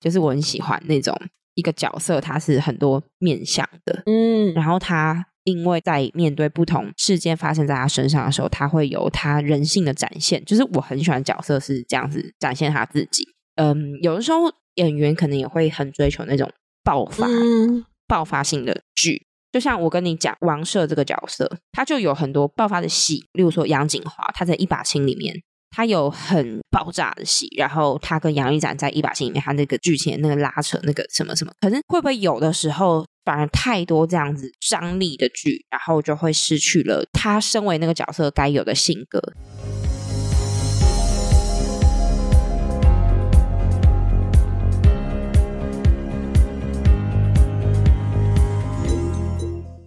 就是我很喜歡那種一個角色，他是很多面向的，嗯，然後他因為在面對不同事件發生在他身上的時候，他會有他人性的展現。就是我很喜歡角色是這樣子展現他自己。嗯，有的時候演員可能也會很追求那種爆發、爆發性的劇，就像我跟你講王赦這個角色，他就有很多爆發的戲，例如說楊謹華他在一把青裡面。他有很爆炸的戲，然後他跟楊一展在一把戲裡面，他那個劇情那個拉扯，那個什麼什麼，可是會不會有的時候反而太多這樣子張力的劇，然後就會失去了他身為那個角色該有的性格。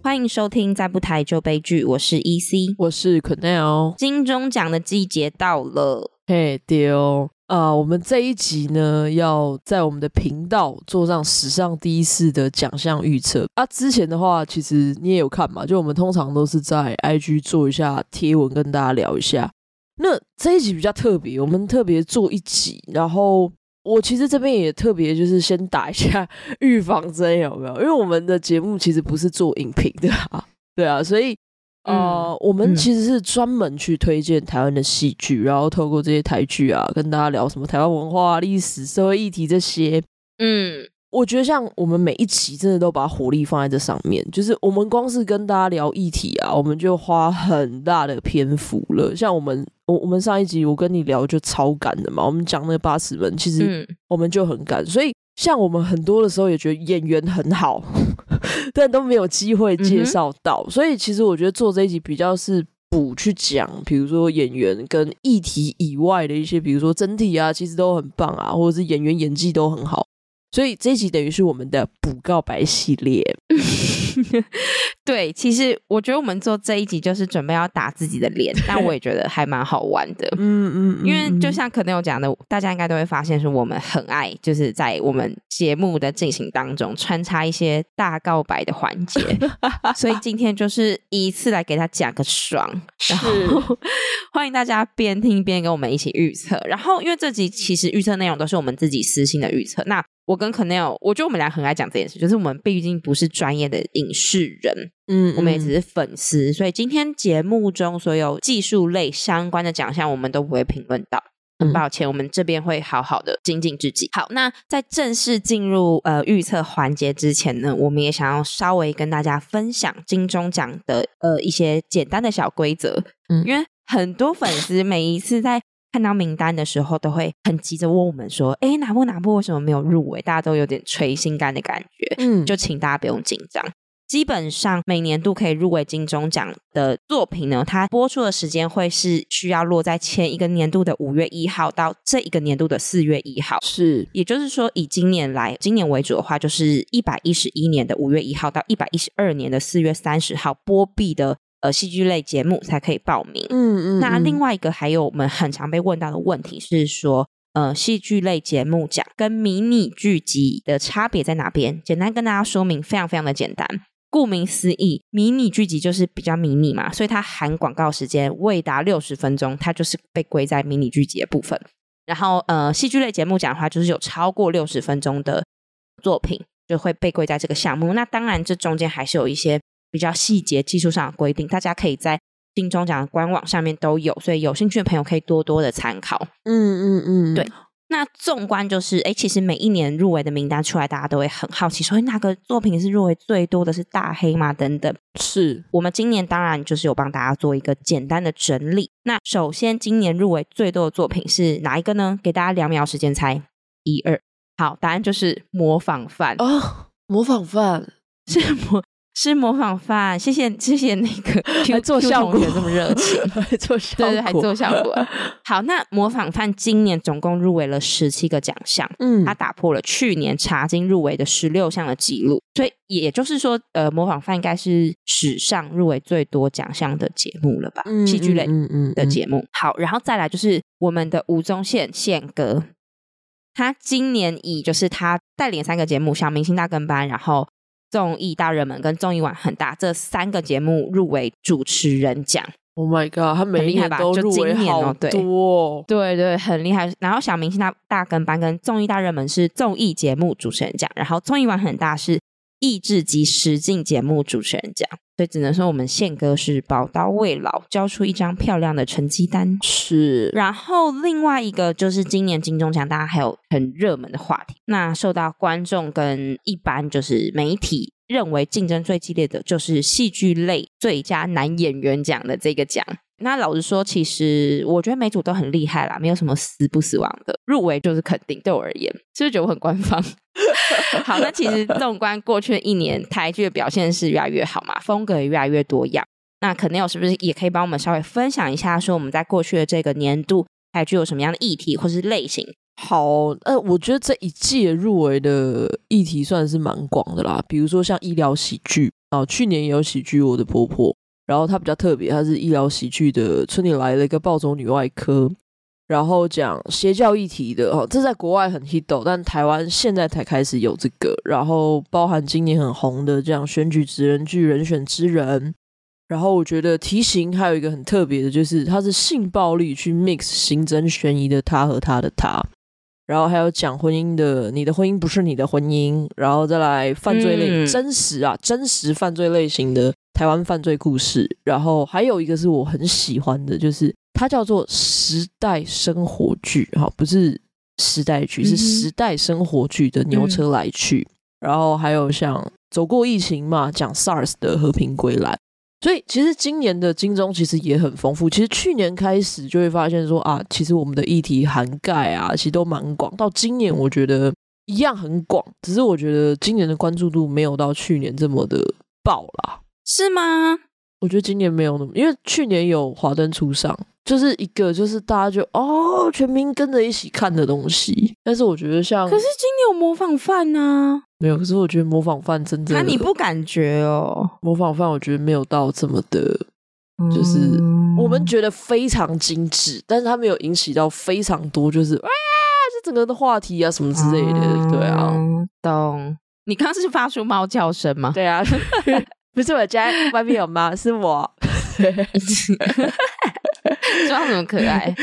歡迎收聽《再不台就悲劇》，我是 E C，我是 Quennel，金鐘獎的季節到了。嘿，對哦啊，我們這一集呢，要在我們的頻道做上史上第一次的獎項預測啊。之前的話，其實你也有看嘛，就我們通常都是在 IG 做一下貼文，跟大家聊一下。那這一集比較特別，我們特別做一集，然後。我其實這邊也特別，就是先打一下預防針，有沒有？因為我們的節目其實不是做影評的，對啊，所以啊、嗯呃，我們其實是專門去推薦台灣的戲劇，嗯、然後透過這些台劇啊，跟大家聊什麼台灣文化、歷史、社會議題這些，嗯。我覺得像我們每一期真的都把火力放在這上面，就是我們光是跟大家聊議題啊，我們就花很大的篇幅了。像我們，我我們上一集我跟你聊就超趕的嘛，我們講那八尺門，其實我們就很趕。嗯、所以像我們很多的時候也覺得演員很好， 但都沒有機會介紹到。嗯、哼所以其實我覺得做這一集比較是補去講，比如說演員跟議題以外的一些，比如說整體啊，其實都很棒啊，或者是演員演技都很好。所以這一集等於是我們的補告白系列。 對，其實我覺得我們做這一集就是準備要打自己的臉，對但我也覺得還蠻好玩的。嗯嗯，嗯嗯，因為就像可能有講的，嗯、大家應該都會發現，說我們很愛就是在我們節目的進行當中穿插一些大告白的環節。 所以今天就是一次來給他講個爽，是，然後歡迎大家邊聽邊跟我們一起預測。然後，因為這集其實預測內容都是我們自己私心的預測，那。我跟 Quennel，我覺得我們倆很愛講這件事，就是我們畢竟不是專業的影視人，嗯，我們也只是粉絲，嗯、所以今天節目中所有技術類相關的獎項，我們都不會評論到，很抱歉，我們這邊會好好的精進自己。嗯、好，那在正式進入呃預測環節之前呢，我們也想要稍微跟大家分享金鐘獎的呃一些簡單的小規則，嗯，因為很多粉絲每一次在看到名單的時候，都會很急着問我們說：“哎，哪部哪部為什麼沒有入圍？”大家都有點捶心肝的感覺。嗯，就請大家不用緊張。基本上每年度可以入圍金鐘獎的作品呢，它播出的時間會是需要落在前一個年度的五月一號到這一個年度的四月一號。是，也就是說以今年來，今年為主的話，就是一百一十一年的五月一號到一百一十二年的四月三十號播畢的。呃，戲劇類節目才可以報名。嗯嗯。嗯嗯，那另外一個還有我們很常被問到的問題是說，呃，戲劇類節目獎跟迷你劇集的差別在哪邊？簡單跟大家說明，非常非常的簡單。顧名思義，迷你劇集就是比較迷你嘛，所以它含廣告時間未達六十分鐘，它就是被歸在迷你劇集的部分。然後，呃，戲劇類節目獎的話，就是有超過六十分鐘的作品就會被歸在這個項目。那當然，這中間還是有一些。比較細節技術上的規定，大家可以在金鐘獎的官網上面都有，所以有興趣的朋友可以多多的參考。嗯嗯嗯，嗯嗯對。那縱觀就是，哎、欸，其實每一年入圍的名單出來，大家都會很好奇說，說、欸、那個作品是入圍最多的是大黑馬等等。是我們今年當然就是有幫大家做一個簡單的整理。那首先，今年入圍最多的作品是哪一個呢？給大家兩秒時間猜，一二。好，答案就是模仿犯哦，模仿犯是模。是模仿犯，謝謝謝謝那個 Q, 還做效果也 Q 同學這麼熱情，還做效果，對對，還做效果、啊。 好，那模仿犯今年總共入圍了十七個獎項，嗯，他打破了去年茶金入圍的十六項的記錄，所以也就是說，呃，模仿犯應該是史上入圍最多獎項的節目了吧？嗯，戲劇類的節目。嗯嗯嗯嗯、好，然後再來就是我們的吳宗憲憲哥，他今年以就是他帶領三個節目，小明星大跟班，然後。綜藝大熱門跟綜藝玩很大這三個節目入圍主持人獎。Oh my god，他每個人都好多、哦、很厲害吧？就今年哦、喔，對，對對，很厲害。然後小明星大大,大跟班跟綜藝大熱門是綜藝節目主持人獎，然後綜藝玩很大是益智及實境節目主持人獎。所以只能說我們憲哥是寶刀未老，交出一張漂亮的成績單。是，然後另外一個就是今年金鐘獎，大家還有很熱門的話題。那受到觀眾跟一般就是媒體認為競爭最激烈的就是戲劇類最佳男演員獎的這個獎。那老實說，其實我覺得每組都很厲害啦，沒有什麼死不死亡的，入圍就是肯定。對我而言，是不是覺得我很官方？ 好，那其實縱觀過去的一年，台劇的表現是越來越好嘛，風格也越來越多樣。那肯定，我是不是也可以幫我們稍微分享一下，說我們在過去的這個年度台劇有什麼樣的議題或是類型？好，呃，我覺得這一屆入圍的議題算是蠻廣的啦，比如說像醫療喜劇哦，去年也有喜劇《我的婆婆》。然後它比較特別，它是醫療喜劇的《村裡來了一個暴走女外科》，然後講邪教議題的哦，這在國外很 hit 哦，但台灣現在才開始有這個。然後包含今年很紅的這樣選舉職人劇人選之人，然後我覺得題型還有一個很特別的，就是它是性暴力去 mix 刑偵懸疑的《他和他的他》，然後還有講婚姻的《你的婚姻不是你的婚姻》，然後再來犯罪類、嗯、真實啊，真實犯罪類型的。台灣犯罪故事，然後還有一個是我很喜歡的，就是它叫做《時代生活劇》哈，不是《時代劇》，是《時代生活劇》的《牛車來去》，嗯哼，然後還有像走過疫情嘛，講 SARS 的《和平歸來》。所以其實今年的金鐘其實也很豐富。其實去年開始就會發現說啊，其實我們的議題涵蓋啊，其實都蠻廣。到今年我覺得一樣很廣，只是我覺得今年的關注度沒有到去年這麼的爆啦。是嗎？我覺得今年沒有那麼，因為去年有華燈初上，就是一個就是大家就哦，全民跟着一起看的東西。但是我覺得像可是今年有模仿犯啊，沒有。可是我覺得模仿犯真的，那你不感覺哦？模仿犯我覺得沒有到這麼的，就是、嗯、我們覺得非常精致，但是他沒有引起到非常多、就是哇，就是啊，這整個的話題啊什麼之類的，嗯、對啊。懂？你剛剛是發出貓叫聲嗎？對啊。 不是我家外面有貓，是我裝 怎麼可愛？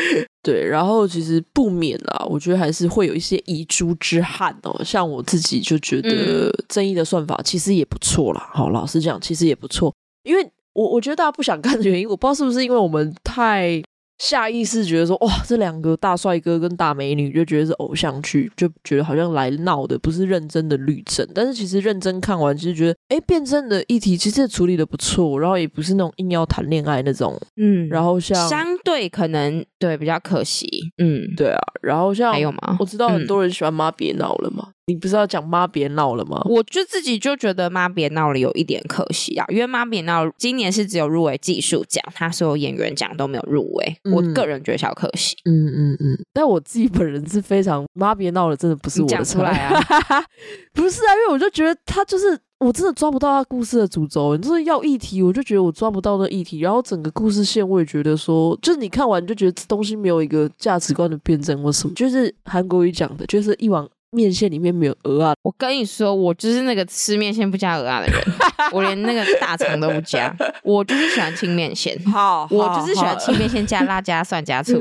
對，然後其實不免啦。我覺得還是會有一些遺珠之憾哦、喔。像我自己就覺得，正義的算法其實也不錯啦。嗯、好，老實講，其實也不錯，因為我我覺得大家不想看的原因，我不知道是不是因為我們太。下意識覺得說，哇，這兩個大帥哥跟大美女就覺得是偶像劇，就覺得好像來鬧的，不是認真的旅程。但是其實認真看完，其實覺得，哎，辯證的議題其實處理的不錯，然後也不是那種硬要談戀愛那種，嗯，然後像相對可能。對，比較可惜，嗯，對啊，然後像還有嗎？我知道很多人喜歡《媽別鬧》了嘛，嗯、你不是要講《媽別鬧》了嗎？我就自己就覺得《媽別鬧》了有一點可惜啊，因為《媽別鬧》今年是只有入圍技術獎，他所有演員獎都沒有入圍，嗯、我個人覺得小可惜，嗯嗯嗯，嗯。但我自己本人是非常《媽別鬧》了，真的不是我講出來啊， 不是啊，因為我就覺得他就是。我真的抓不到他故事的主軸。你就是要議題，我就覺得我抓不到那議題，然後整個故事線我也覺得說，就是你看完你就覺得這東西沒有一個價值觀的辯證或什麼，就是韓國語講的，就是一碗麵線裡面沒有蚵仔。我跟你說，我就是那個吃麵線不加蚵仔的人， 我連那個大腸都不加，我就是喜歡清麵線。好，好，我就是喜歡清麵線加辣加蒜加醋，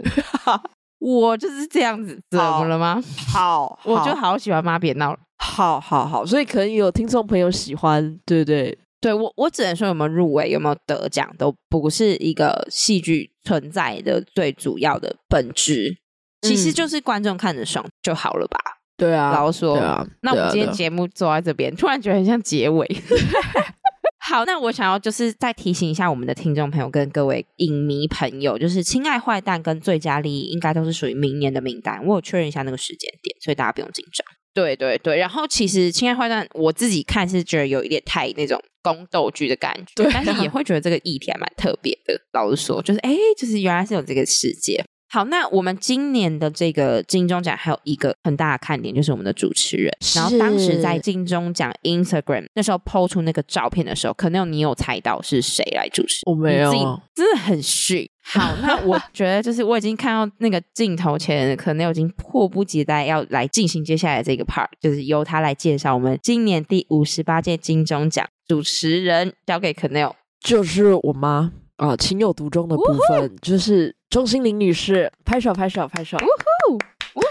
我就是這樣子，怎麼了嗎？好，好好，我就好喜歡媽別鬧了。好好好，所以可能有聽眾朋友喜歡，對對對，我我只能說有沒有入圍，有沒有得獎，都不是一個戲劇存在的最主要的本質，嗯、其實就是觀眾看着爽就好了吧？對啊，然後說，啊、那我們今天節目坐在這邊，啊啊、突然覺得很像結尾。 好，那我想要就是再提醒一下我們的聽眾朋友跟各位影迷朋友，就是《親愛壞蛋》跟《最佳利益》應該都是屬於明年的名單，我有確認一下那個時間點，所以大家不用緊張。對對對，然後其實《親愛的壞蛋》我自己看是覺得有一點太那種宮鬥劇的感覺，對但是也會覺得這個議題還蠻特別的。老實說，就是哎、欸，就是原來是有這個世界。好，那我們今年的這個金鐘獎還有一個很大的看點，就是我們的主持人。是然後當時在金鐘獎 Instagram 那時候 PO 出那個照片的時候，可能你有猜到是誰來主持？我沒有，真的很遜。 好，那我覺得就是我已經看到那個鏡頭前， 可能已經迫不及待要來進行接下來這個 part，就是由他來介紹我們今年第五十八屆金鐘獎主持人，交給 Quennel，就是我媽啊，情有獨鍾的部分呼就是鍾欣凌女士，拍手拍手拍手，嗚呼嗚呼！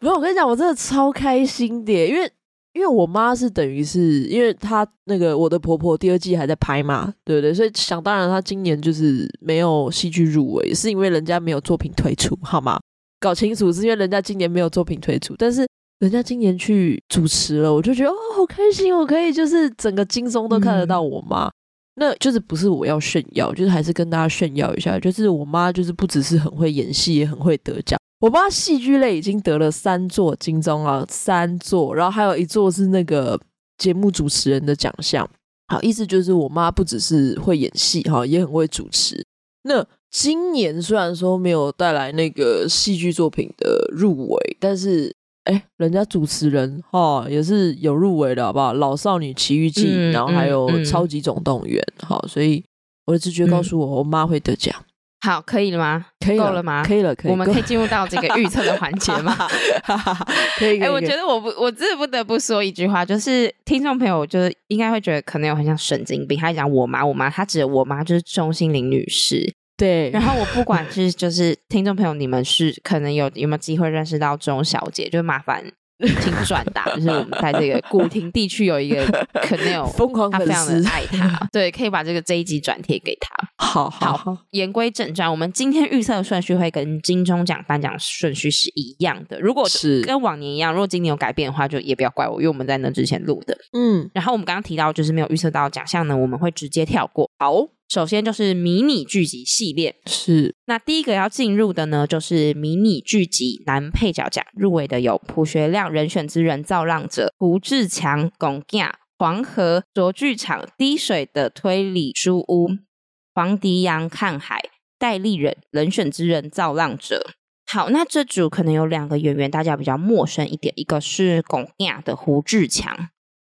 沒有，我跟你講，我真的超開心的，因為。因為我媽是等於是，因為她那個我的婆婆第二季還在拍嘛，對不對？所以想當然她今年就是沒有戲劇入圍，是因為人家沒有作品推出，好嗎？搞清楚是因為人家今年沒有作品推出，但是人家今年去主持了，我就覺得哦，好開心，我可以就是整個金鐘都看得到我媽，嗯、那就是不是我要炫耀，就是還是跟大家炫耀一下，就是我媽就是不只是很會演戲，也很會得獎。我爸戲劇類已經得了三座金鐘啊，三座，然後還有一座是那個節目主持人的獎項。好，意思就是我媽不只是會演戲哈，也很會主持。那今年雖然說沒有帶來那個戲劇作品的入圍，但是哎，人家主持人哈也是有入圍的好不好？《老少女奇遇記》嗯，然後還有《超級總動員》哈、嗯嗯，所以我的直覺告訴我，我媽會得獎。好，可以了嗎？可以。夠了嗎？可以了，可以。我們可以進入到這個預測的環節嗎？ 可以，可以。哎、欸，可以。我覺得我不，我真的不得不說一句話，就是聽眾朋友就是應該會覺得可能有很像神經病，他講我媽，我媽，他指的我媽就是鍾欣凌女士，對。然後我不管是就是聽眾朋友， 你們是可能有有沒有機會認識到鍾小姐，就麻煩。請轉達，就是我們在這個古亭地區有一個 Quennel 瘋狂粉絲，他非常的愛他，對，可以把這個這一集轉貼給他。好好，好言歸正傳，我們今天預測的順序會跟金鐘獎頒獎順序是一樣的。如果是跟往年一樣，如果今年有改變的話，就也不要怪我，因為我們在那之前錄的。嗯，然後我們剛剛提到就是沒有預測到獎項呢，我們會直接跳過。好。首先就是迷你劇集系列，是。那第一個要進入的呢，就是迷你劇集男配角獎，入圍的有卜學亮，人選之人造浪者、胡志強，鞏架、黃河，卓劇場、滴水的推理書屋、黃迪揚，看海、戴立忍，人選之人造浪者。好，那這組可能有兩個演員大家比較陌生一點，一個是鞏架的胡志強。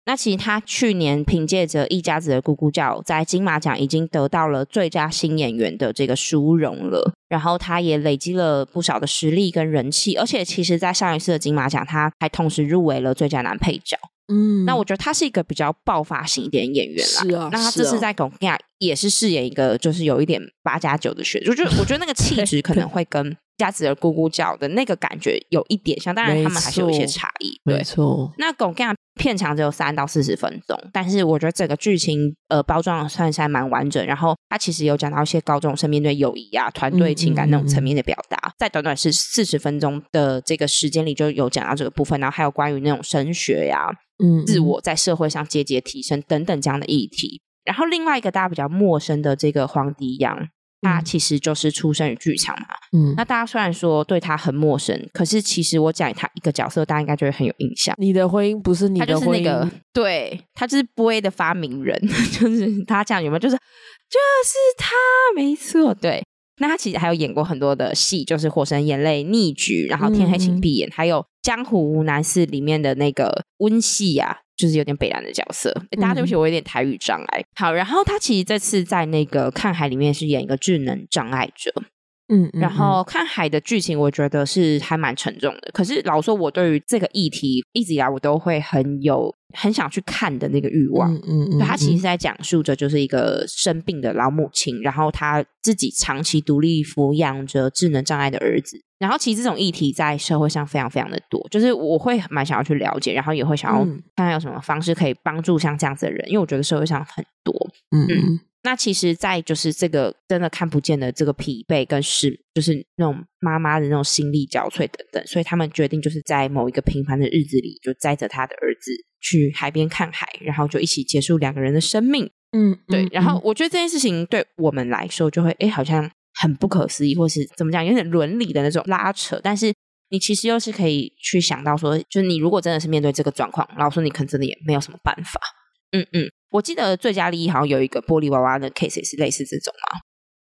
那其實他去年憑借着《一家子的咕咕叫》在金馬獎已經得到了最佳新演員的這個殊榮了，然後他也累積了不少的實力跟人氣，而且其實，在上一次的金馬獎，他還同時入圍了最佳男配角。嗯，那我覺得他是一個比較爆發型一點的演員啦是、啊。是啊。那他這次在《狗樣》也是飾演一個就是有一點八加九的學生、啊，我覺得我覺得那個氣質可能會跟《家子的咕咕叫》的那個感覺有一點像，當然他們還是有一些差異。沒錯。那《狗樣》。片長只有三到四十分鐘，但是我覺得整個劇情呃包裝的算是還蠻完整。然後它、啊、其實有講到一些高中生面對友誼啊、團隊情感那種層面的表達，在、嗯嗯嗯、短短是四十分鐘的這個時間裡就有講到這個部分，然後還有關於那種升學呀、啊、嗯嗯自我在社會上節節提升等等這樣的議題。然後另外一個大家比較陌生的這個黃迪揚。他其實就是出身於劇場嘛，嗯，那大家雖然說對他很陌生，可是其實我講他一個角色，大家應該就會很有印象。你的婚姻不是你的婚姻，他是那個、對，他就是 Boy A 的發明人，就是他講有沒有？就是就是他，沒錯，對。那他其實還有演過很多的戲，就是《火神眼淚》、《逆局》，然後《天黑請閉眼》嗯，還有《江湖無難事》裡面的那個溫戲啊。就是有點北藍的角色，大家對不起，我有點台語障礙。嗯、哼好，然後他其實這次在那個《看海》裡面是演一個智能障礙者，嗯，嗯，然後《看海》的劇情我覺得是還蠻沉重的。可是老說，我對於這個議題一直以來我都會很有很想去看的那個欲望。嗯嗯，嗯嗯，他其實在講述着就是一個生病的老母親，然後他自己長期獨立撫養着智能障礙的兒子。然後，其實這種議題在社會上非常非常的多，就是我會蠻想要去了解，然後也會想要看看有什麼方式可以幫助像這樣子的人，因為我覺得社會上很多。嗯，嗯，那其實，在就是這個真的看不見的這個疲憊，跟是就是那種媽媽的那種心力交瘁等等，所以他們決定就是在某一個平凡的日子裡，就載着他的兒子去海邊看海，然後就一起結束兩個人的生命。嗯，對。嗯，然後我覺得這件事情對我們來說，就會誒，好像。很不可思議，或是怎麼講，有點倫理的那種拉扯，但是你其實又是可以去想到說，就你如果真的是面對這個狀況，然後說你可能真的也沒有什麼辦法。嗯嗯，我記得最佳利益好像有一個玻璃娃娃的 case 也是類似這種啊，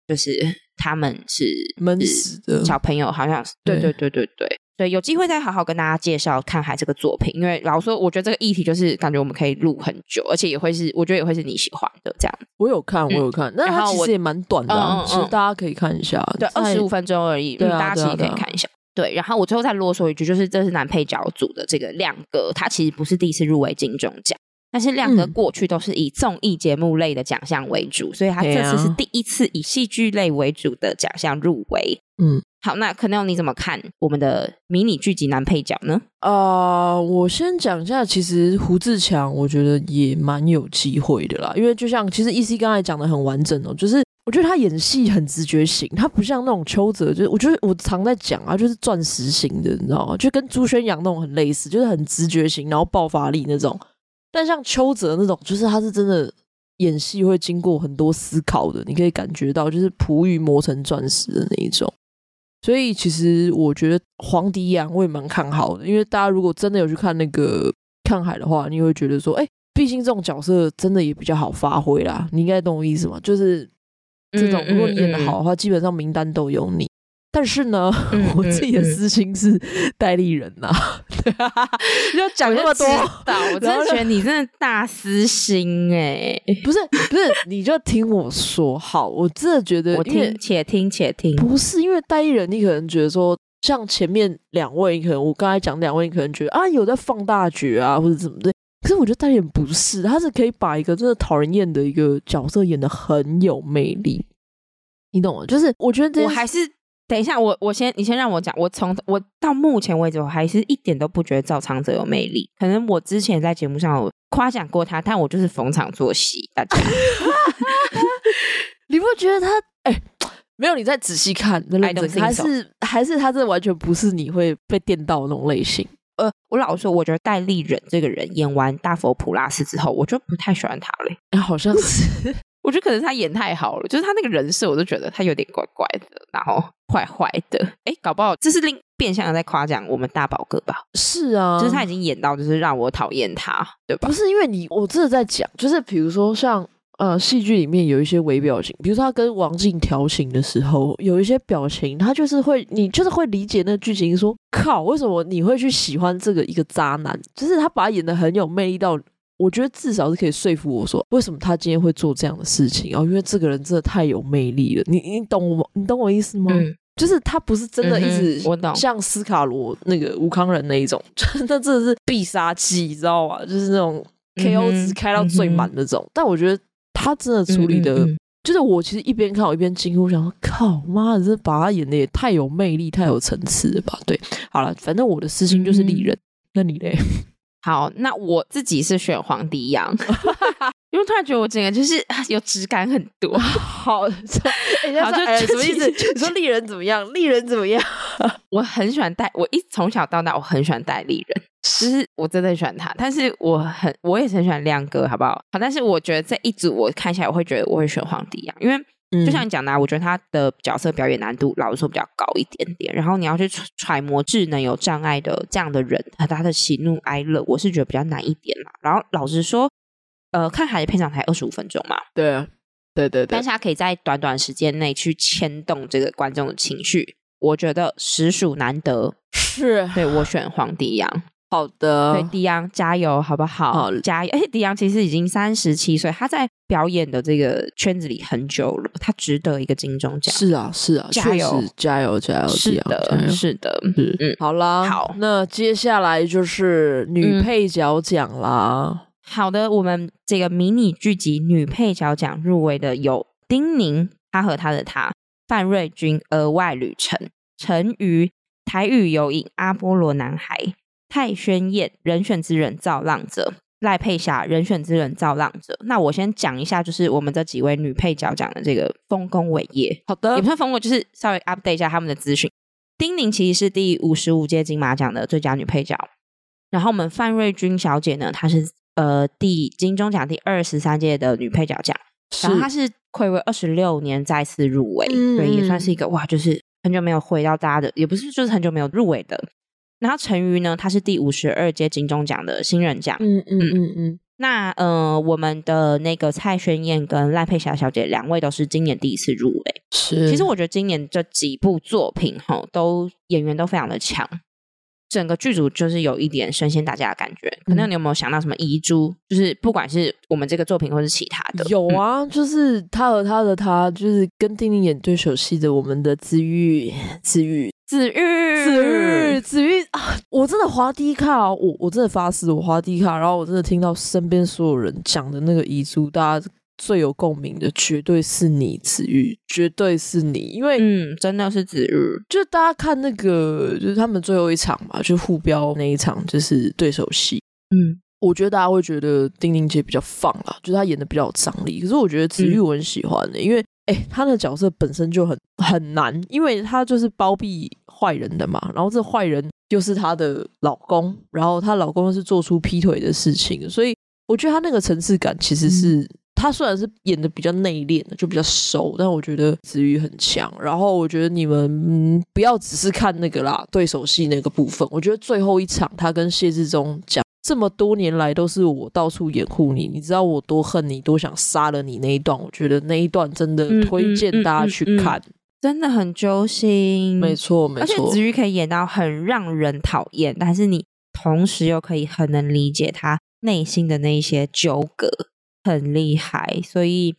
就是他們是悶死的、呃、小朋友，好像是，對對對對對，對。對對，有機會再好好跟大家介紹《看海》這個作品，因為老說，我覺得這個議題就是感覺我們可以錄很久，而且也會是我覺得也會是你喜歡的這樣。我有看，我有看，那、嗯、它其實也蠻短的、啊，嗯嗯嗯、其實大家可以看一下，嗯、對，二十五分鐘而已，對、啊、大家其實可以看一下。對，然後我最後再囉嗦一句，就是這是男配角組的這個亮哥，他其實不是第一次入圍金鐘獎，但是亮哥過去都是以綜藝節目類的獎項為主，嗯、所以他這次是第一次以戲劇類為主的獎項入圍。嗯。嗯好，那 Quennel 你怎麼看我們的迷你劇集男配角呢？啊，uh, 我先講一下，其實胡志強我覺得也蠻有機會的啦，因為就像其實 EC 剛才講的很完整哦，就是我覺得他演戲很直覺型，他不像那種邱澤，就是我覺得我常在講啊，就是鑽石型的，你知道嗎？就跟朱軒洋那種很類似，就是很直覺型，然後爆發力那種。但像邱澤那種，就是他是真的演戲會經過很多思考的，你可以感覺到就是璞玉磨成鑽石的那一種。所以其實我覺得黃迪揚，我也蠻看好的，因為大家如果真的有去看那個看海的話，你會覺得說，哎，畢竟這種角色真的也比較好發揮啦。你應該懂我意思嗎？就是這種，如果你演的好的話，嗯嗯嗯、基本上名單都有你。但是呢，嗯、我自己的私心是代理人吶、啊，嗯嗯、 就講那麼多，我，我真的覺得你真的大私心哎、欸，不是不是， 你就聽我說好，我真的覺得，我聽，且聽且聽，不是因為代理人，你可能覺得說，像前面兩位，可能我剛才講兩位，可能覺得啊，有在放大絕啊，或者怎麼的，可是我覺得代理人不是，他是可以把一個真的討人厭的一個角色演的很有魅力，你懂嗎？就是我覺得這我還是。等一下，我我先你先讓我講。我從我到目前為止，我還是一點都不覺得趙昌澤有魅力。可能我之前在節目上有誇獎過他，但我就是逢場作戲。大家， 你不覺得他？哎、欸，沒有，你再仔細看，那類型還是還是他，這完全不是你會被電到的那種類型。呃，我老說，我覺得戴立忍這個人演完《大佛普拉斯》之後，我就不太喜歡他了、欸。哎、欸，好像是。 我覺得可能他演太好了，就是他那個人設，我都覺得他有點怪怪的，然後壞壞的。欸，搞不好這是另變相在誇獎我們大寶哥吧？是啊，就是他已經演到，就是讓我討厭他，對吧？不是因為你，我真的在講，就是比如說像呃，戲劇裡面有一些微表情，比如說他跟王靜調情的時候，有一些表情，他就是會，你就是會理解那劇情說，說靠，為什麼你會去喜歡這個一個渣男？就是他把他演得很有魅力到。我覺得至少是可以說服我說，為什麼他今天會做這樣的事情、哦、因為這個人真的太有魅力了，你你懂我，你懂我意思嗎？嗯、就是他不是真的一直像斯卡羅那個吳慷仁那一種，真的、嗯、 真的是必殺技，你知道吧？就是那種 KO 值開到最滿那種。嗯嗯、但我覺得他真的處理的，嗯嗯、就是我其實一邊看我一邊驚呼，想說靠媽，這把他演的也太有魅力，太有層次了吧？對，好了，反正我的私心就是利刃、嗯，那你嘞？好，那我自己是選黃迪揚， 因為突然覺得我整個就是有質感很多，好、哦，好，欸、好就什麼意思？你 說麗人怎麼樣？麗人怎麼樣？我很喜歡戴，我一從小到大我很喜歡戴麗人，就是我真的喜歡他。但是我很我也很喜歡亮哥，好不好？好，但是我覺得這一組我看起來，我會覺得我會選黃迪揚，因為。就像你講的啊，我覺得他的角色表演難度老實說比較高一點點，然後你要去揣摩智能有障礙的這樣的人和他的喜怒哀樂，我是覺得比較難一點嘛。然後老實說，呃，看海的片長才二十五分鐘嘛，對，對對對，但是他可以在短短時間內去牽動這個觀眾的情緒，我覺得實屬難得，是，對啊，我選黃迪揚。好的，對，迪洋加油，好不好？好，加油！而且迪洋其實已經三十七歲，他在表演的這個圈子裡很久了，他值得一個金鐘獎。是啊，是啊，加油。確實，加油，加油，是的，加油，是的，是的。嗯嗯，好啦。好，那接下來就是女配角獎啦。嗯。好的，我們這個迷你劇集女配角獎入圍的有丁寧，她和她的她；范瑞君，額外旅程；陳瑜，台語有影阿波羅男孩。太宣艷人選之人造浪者，賴佩霞人選之人造浪者。那我先講一下，就是我們這幾位女配角獎的這個豐功偉業。好的，也不算豐，功，就是稍微 update 一下他們的資訊。丁寧其實是第五十五屆金馬獎的最佳女配角，然後我們范瑞君小姐呢，她是呃第金鐘獎第二十三屆的女配角獎，是然後她是暌違二十六年再次入圍，嗯、所以也算是一個哇，就是很久沒有回到大家的，也不是就是很久沒有入圍的。然後，陳妤呢，她是第五十二屆金鐘獎的新人獎。嗯。嗯嗯嗯嗯。那呃，我們的那個蔡宣燕跟賴佩霞小姐兩位都是今年第一次入圍。是。其實我覺得今年這幾部作品哈，都演員都非常的強，整個劇組就是有一點神仙打架的感覺。可能你有沒有想到什麼遺珠？嗯、就是不管是我們這個作品，或是其他的，有啊，嗯、就是他和他的他，就是跟丁玲演對手戲的我們的治癒，治癒。子玉，子玉，子玉，子玉啊！我真的滑低卡，啊、我我真的發誓，我滑低卡。然後我真的聽到身邊所有人講的那個遺珠，大家最有共鳴的絕對是你，子玉，絕對是你。因為嗯，真的是子玉。就是大家看那個，就是他們最後一場嘛，就互飆那一場，就是對手戲。嗯，我覺得大家會覺得丁丁姐比較放啦，就是她演的比較有張力。可是我覺得子玉我很喜歡的、欸、嗯、因為。哎，她的角色本身就很很難，因為她就是包庇壞人的嘛。然後這壞人就是她的老公，然後她老公是做出劈腿的事情，所以我覺得她那個層次感其實是，她、嗯、雖然是演的比較內斂的，就比較熟，但我覺得子瑜很強。然後我覺得你們、嗯、不要只是看那個啦，對手戲那個部分，我覺得最後一場她跟謝志忠講。這麼多年來都是我到處掩護你，你知道我多恨你，多想殺了你那一段，我覺得那一段真的推薦大家去看，嗯嗯嗯嗯嗯嗯、真的很揪心。沒錯，沒錯。而且子玉可以演到很讓人討厭，但是你同時又可以很能理解他內心的那一些糾葛，很厲害。所以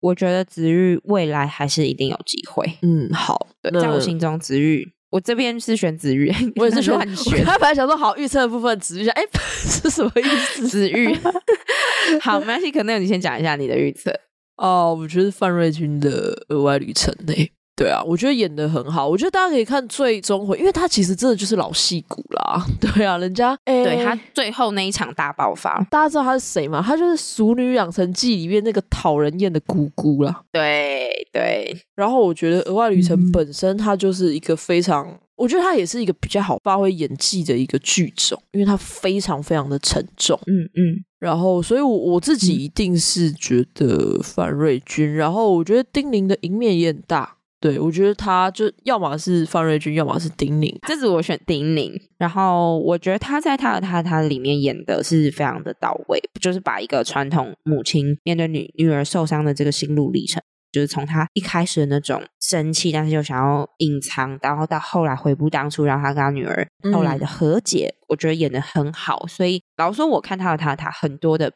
我覺得子玉未來還是一定有機會。嗯，好。對，那在我心中，子玉。我這邊是選子玉，我也是說很選。 嗯、他本來想說好預測的部分的子，子玉講哎是什麼意思？子玉， 好，沒關係，可能你先講一下你的預測哦。我覺得范瑞君的額外旅程呢。對啊，我覺得演的很好。我覺得大家可以看最終回，因為他其實真的就是老戲骨啦。對啊，人家對、欸、他最後那一場大爆發，大家知道他是誰嗎？他就是《俗女養成記》裡面那個討人厭的姑姑啦。對對。對。然後我覺得《額外旅程》本身它就是一個非常，嗯、我覺得它也是一個比較好發揮演技的一個劇種，因為它非常非常的沉重。嗯嗯。嗯，然後，所以我，我我自己一定是覺得范瑞君，嗯、然後我覺得丁寧的贏面也很大。對，我覺得他就要麼是范瑞君，要麼是丁寧。這次我選丁寧。然後我覺得他在《他的他他》裡面演的是非常的到位，就是把一個傳統母親面對女女兒受傷的這個心路歷程，就是從他一開始的那種生氣，但是又想要隱藏，然後到後來悔不當初，讓他跟他女兒後來的和解，嗯、我覺得演的很好。所以老實說，我看《他的他他》很多的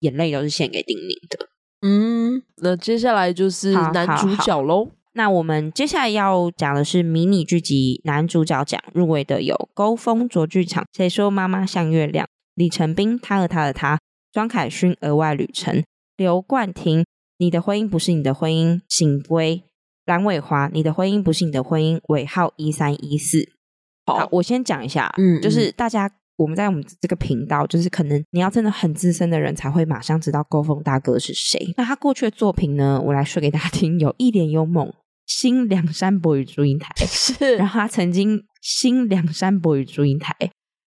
眼淚都是獻給丁寧的。嗯，那接下來就是男主角嘍。好好好那我們接下來要講的是迷你劇集男主角獎入圍的有勾峰、卓劇場，誰說媽媽像月亮？李程彬，她和她的她，莊凱勛，額外旅程，劉冠廷，你的婚姻不是你的婚姻，醒歸藍葦華，你的婚姻不是你的婚姻，尾號一三一四。好，我先講一下，嗯，嗯，就是大家我們在我們這個頻道，就是可能你要真的很資深的人才會馬上知道勾峰大哥是誰。那他過去的作品呢，我來說給大家聽，有一簾幽夢。《新梁山伯與祝英台》，是，然後他曾經《新梁山伯與祝英台》，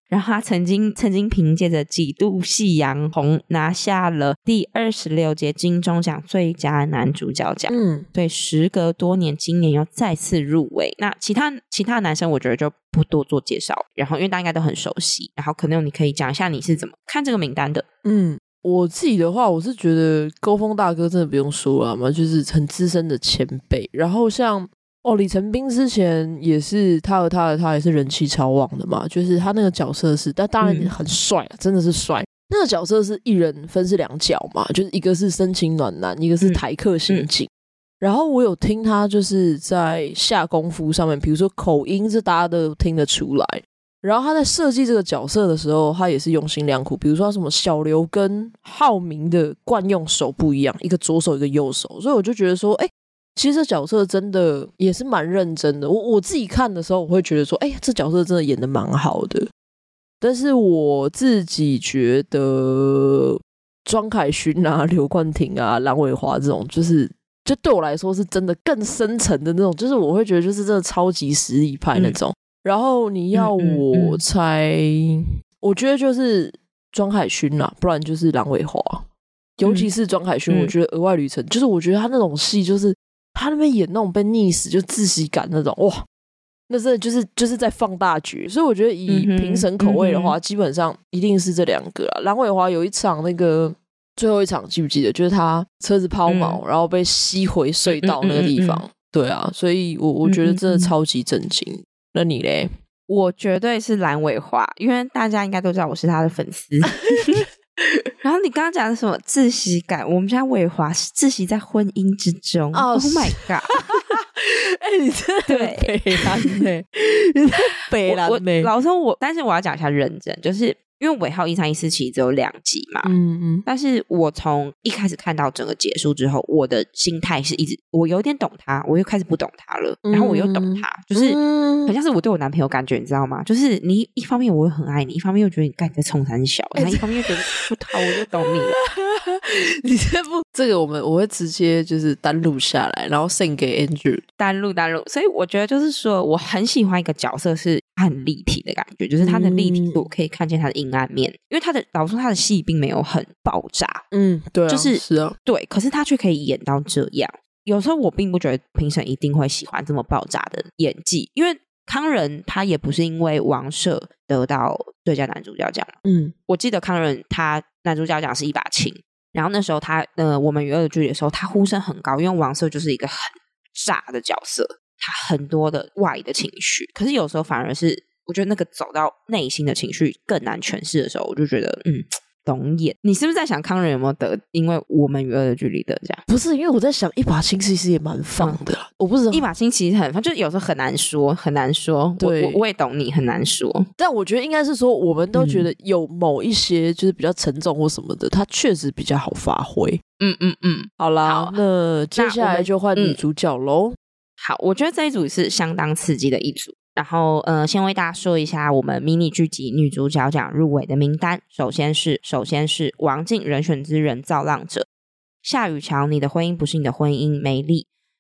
然後他曾經曾經憑借着幾度夕陽紅拿下了第二十六屆金鐘獎最佳男主角獎。嗯，對，時隔多年，今年又再次入圍。那其他其他男生，我覺得就不多做介紹。然後，因為大家應該都很熟悉，然後可能你可以講一下你是怎麼看這個名單的。嗯。我自己的話，我是覺得高峰大哥真的不用說啦嘛，就是很資深的前輩。然後像哦，李成斌之前也是他和他和他也是人氣超旺的嘛，就是他那個角色是，但當然很帥，啊，嗯、真的是帥。那個角色是一人分飾兩角嘛，就是一個是深情暖男，一個是台客刑警。嗯嗯、然後我有聽他就是在下功夫上面，比如說口音，是大家都聽得出來。然後他在設計這個角色的時候，他也是用心良苦。比如說他什麼小劉跟浩明的慣用手不一樣，一個左手，一個右手。所以我就覺得說，哎，其實這角色真的也是蠻認真的。我我自己看的時候，我會覺得說，哎，這角色真的演的蠻好的。但是我自己覺得，莊凱勛啊、劉冠廷啊、藍葦華這種，就是就對我來說是真的更深層的那種，就是我會覺得，就是真的超級實力派那種。嗯然後你要我猜，嗯嗯嗯、才我覺得就是莊凱勛啦，不然就是藍葦華。嗯、尤其是莊凱勛，嗯嗯、我覺得額外旅程，就是我覺得他那種戲，就是他那邊演那種被溺死，就窒息感那種，哇，那真的就是就是在放大絕。所以我覺得以評審口味的話，嗯嗯嗯、基本上一定是這兩個啊，藍葦華有一場那個最後一場，記不記得？就是他車子拋錨，嗯、然後被吸回隧道那個地方，嗯嗯嗯嗯、對啊。所以我我覺得真的超級震驚。嗯嗯嗯你嘞，我絕對是藍葦華，因為大家應該都知道我是他的粉絲。 然後你剛剛講的什麼窒息感？我們家葦華是窒息在婚姻之中。Oh, oh my god！哎、 欸，你真的單妹，你對 北我，我老是我，但是我要講一下認真，就是。因為尾號一三一四七只有兩集嘛，嗯嗯，嗯但是我從一開始看到整個結束之後，我的心態是一直我有點懂他，我又開始不懂他了，嗯、然後我又懂他，就是好、嗯、像是我對我男朋友感覺，你知道嗎？就是你一方面我會很愛你，一方面又覺得你幹在衝三小，欸、然後一方面又覺得不他我就懂你，了。 你這不部 這個我們我會直接就是單錄下來，然後 send 給 Andrew 單錄單錄，所以我覺得就是說我很喜歡一個角色是。很立體的感覺，就是他的立體度、嗯、可以看見他的陰暗面，因為他的老實說，他的戲並沒有很爆炸。嗯，對、啊，就是是啊，對，可是他卻可以演到這樣。有時候我並不覺得評審一定會喜歡這麼爆炸的演技，因為慷仁他也不是因為王赦得到最佳男主角獎。嗯，我記得慷仁他男主角獎是一把青。然後那時候他呃，我們與惡的劇的時候他呼聲很高，因為王赦就是一個很炸的角色。他很多的外的情緒，可是有時候反而是我覺得那個走到內心的情緒更難詮釋的時候，我就覺得嗯，懂也。你是不是在想慷仁有沒有得？因為我們與惡的距離得這樣？不是，因為我在想一把青其實也蠻放的，嗯、我不知道一把青其實很放，就是有時候很難說，很難說。對，我，我，我也懂你，很難說。但我覺得應該是說，我們都覺得有某一些就是比較沉重或什麼的，嗯、它確實比較好發揮、嗯。嗯嗯嗯，好啦，好那接下來就換女主角嘍。嗯好，我覺得這一組是相當刺激的一組。然後，呃，先為大家說一下我們迷你劇集女主角獎入圍的名單。首先是，首先是王淨，人選之人《造浪者》；夏於喬，你的婚姻不是你的婚姻，《美麗》；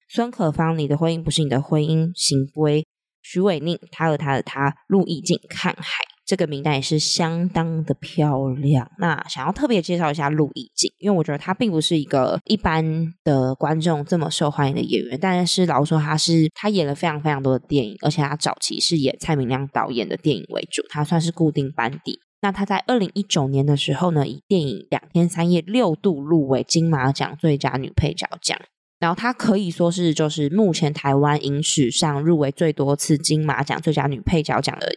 孫可芳，你的婚姻不是你的婚姻，《邢歸》；許瑋甯，她和她的她，陸弈靜《看海》。這個名單也是相當的漂亮。那想要特別介紹一下陸弈靜，因為我覺得他並不是一個一般的觀眾這麼受歡迎的演員，但是老實說，他是他演了非常非常多的電影，而且他早期是演蔡明亮導演的電影為主，他算是固定班底。那他在二零一九年的時候呢，以電影《兩天三夜》六度入圍金馬獎最佳女配角獎，然後他可以說是就是目前台灣影史上入圍最多次金馬獎最佳女配角獎的。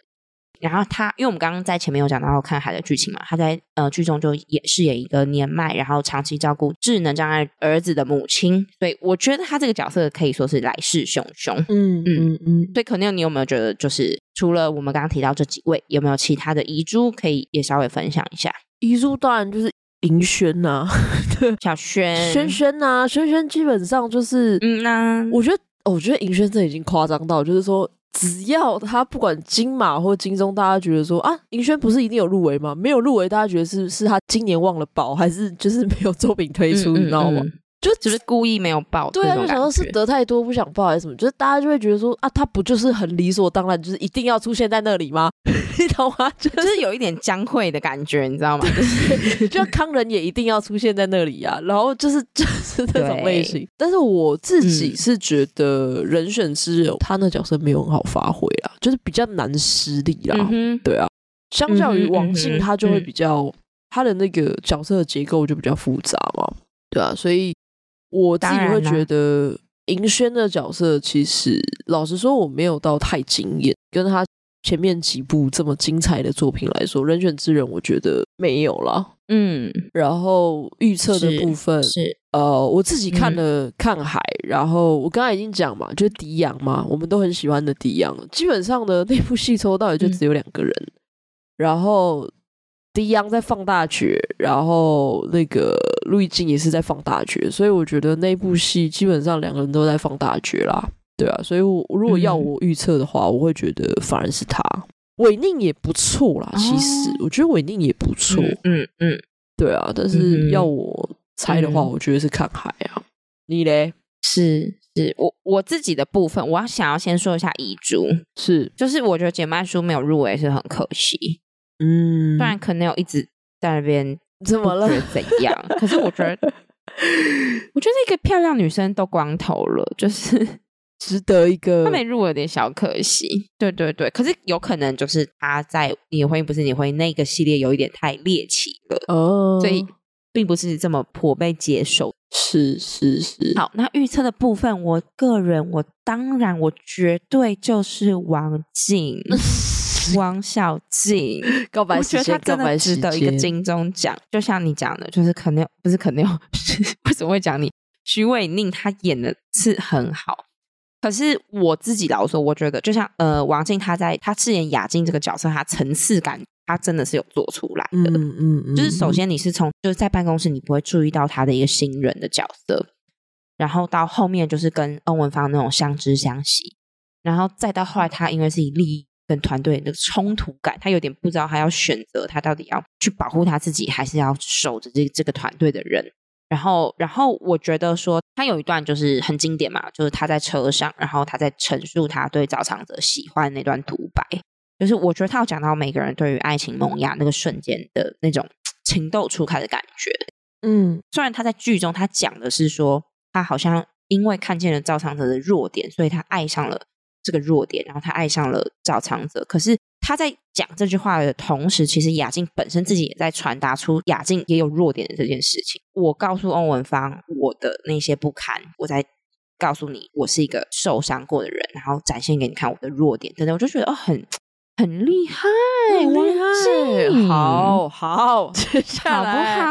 然後他，因為我們剛剛在前面有講到看海的劇情嘛，他在呃劇中就演飾演一個年邁，然後長期照顧智能障礙兒子的母親。所以我覺得他這個角色可以說是來勢洶洶。嗯嗯嗯。嗯，嗯對，可能你有沒有覺得，就是除了我們剛剛提到這幾位，有沒有其他的遺珠可以也稍微分享一下？遺珠當然就是盈萱吶、啊， 小萱萱、萱萱吶、萱萱，基本上就是嗯吶、啊。我覺得，我覺得盈萱這已經誇張到就是說。只要他不管金馬或金鐘，大家覺得說啊，尹軒不是一定有入圍嗎？沒有入圍，大家覺得是,是是他今年忘了報，還是就是沒有作品推出，嗯嗯嗯、你知道嗎？就只是故意沒有報，對啊，就想說是得太多不想報還是什麼，就是大家就會覺得說啊，他不就是很理所當然，就是一定要出現在那裡嗎？你知 道嗎、就是， 就是有一點江蕙的感覺，你知道嗎？就是，就康仁也一定要出現在那裡啊，然後就是就是這，就是，種類型。對但是我自己是覺得人選之人，嗯、他那角色沒有很好發揮啊，就是比較難施力啦，啊。Mm hmm. 對啊，相較於王靜，mm hmm. 他就會比較、mm hmm. 他的那個角色的結構就比較複雜嘛。對啊，所以。我自己會覺得，盈萱的角色其實，老實說，我沒有到太驚艷。跟他前面幾部這麼精彩的作品來說，《人選之人》我覺得沒有啦。嗯，然後預測的部分是，是呃，我自己看了看海，嗯、然後我剛才已經講嘛，就是迪洋嘛，我們都很喜歡的迪洋。基本上呢，那部戲抽到也就只有兩個人，嗯、然後。低央在放大絕，然後那個陸弈靜也是在放大絕，所以我覺得那部戲基本上兩個人都在放大絕啦，對啊，所以我如果要我預測的話，嗯、我會覺得反而是他韋寧也不錯啦，其實、哦、我覺得韋寧也不錯、嗯，嗯嗯，對啊，但是要我猜的話，嗯、我覺得是看海啊，你咧？是是我我自己的部分，我要想要先說一下遺珠，是就是我覺得簡嫚書沒有入圍是很可惜。嗯，不然可能有一直在那邊怎、怎麼了？怎樣？可是我覺得，我覺得一個漂亮女生都光頭了，就是值得一個。他沒入有點小可惜。對對對，可是有可能就是他在你會不是你會那個系列有一點太獵奇了哦，所以並不是這麼普遍被接受。是是是。是是好，那預測的部分，我個人我當然我絕對就是王淨。 王小靜，孝告白，我覺得他真的值得一個金鐘獎，就像你講的，就是 Quennel 不是 Quennel 為什麼會講你徐偉寧，他演的是很好，可是我自己老說，我覺得就像呃王靜，他在他飾演亞靜這個角色，他層次感他真的是有做出來的，嗯嗯嗯，嗯嗯就是首先你是從就是在辦公室你不會注意到他的一個新人的角色，然後到後面就是跟翁文方那種相知相惜，然後再到後來他因為是以利益。跟團隊的那個衝突感，他有點不知道，他要選擇他到底要去保護他自己，還是要守着這這個團隊的人。然後，然後我覺得說，他有一段就是很經典嘛，就是他在車上，然後他在陳述他對趙長澤喜歡那段獨白。就是我覺得他要講到每個人對於愛情萌芽那個瞬間的那種情竇初開的感覺。嗯，雖然他在劇中他講的是說，他好像因為看見了趙長澤的弱點，所以他愛上了。這個弱點，然後他愛上了趙長澤。可是他在講這句話的同時，其實雅靜本身自己也在傳達出雅靜也有弱點的這件事情。我告訴歐文芳我的那些不堪，我在告訴你我是一個受傷過的人，然後展現給你看我的弱點。真的，我就覺得很。很厲害，厲害，好好，接下來好不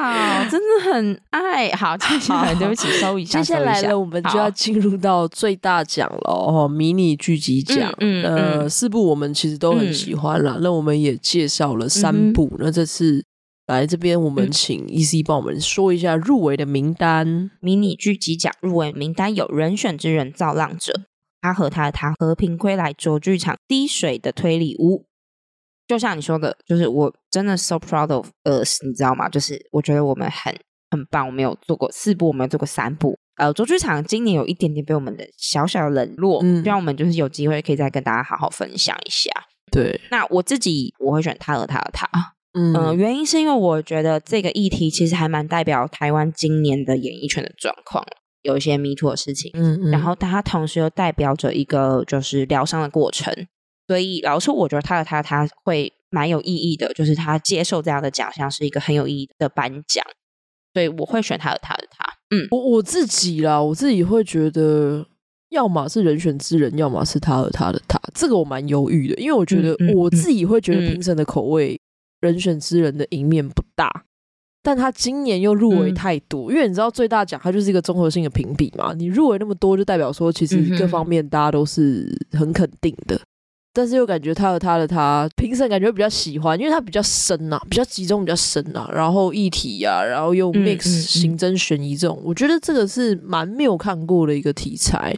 好？真的很愛，好接下來，對不起，收一下。接下來我們就要進入到最大獎了，喔，迷你劇集獎。嗯，四部我們其實都很喜歡啦，那我們也介紹了三部。那這次來這邊，我們請 E C 幫我們說一下入圍的名單。迷你劇集獎入圍名單有人選之人，造浪者。他和他的他、和平歸來、卓劇場滴水的推理屋。就像你說的，就是我真的 so proud of us，你知道嗎？就是我覺得我們很很棒，我沒有做過四部，我沒有做過三部。呃，卓劇場今年有一點點被我們的小小的冷落，嗯、希望我們就是有機會可以再跟大家好好分享一下。對，那我自己我會選他和他的他，啊、嗯、呃，原因是因為我覺得這個議題其實還蠻代表台灣今年的演藝圈的狀況。有一些迷途的事情，嗯嗯，嗯然後，但他同時又代表着一個就是療傷的過程，所以老實說，我覺得他和他的他會蠻有意義的，就是他接受這樣的獎項是一個很有意義的頒獎，所以我會選他和他的他，嗯，我我自己啦，我自己會覺得，要麼是人選之人，要麼是他和他的他，這個我蠻猶豫的，因為我覺得我自己會覺得評審的口味，嗯嗯、人選之人的贏面不大。但他今年又入圍太多，嗯、因為你知道最大獎它就是一個綜合性的評比嘛。你入圍那麼多，就代表說其實各方面大家都是很肯定的。嗯、哼但是又感覺他和他的他評審感覺比較喜歡，因為他比較深吶、啊，比較集中，比較深吶、啊。然後議題啊，然後用 mix 刑偵懸疑這種，嗯嗯嗯我覺得這個是蠻沒有看過的一個題材。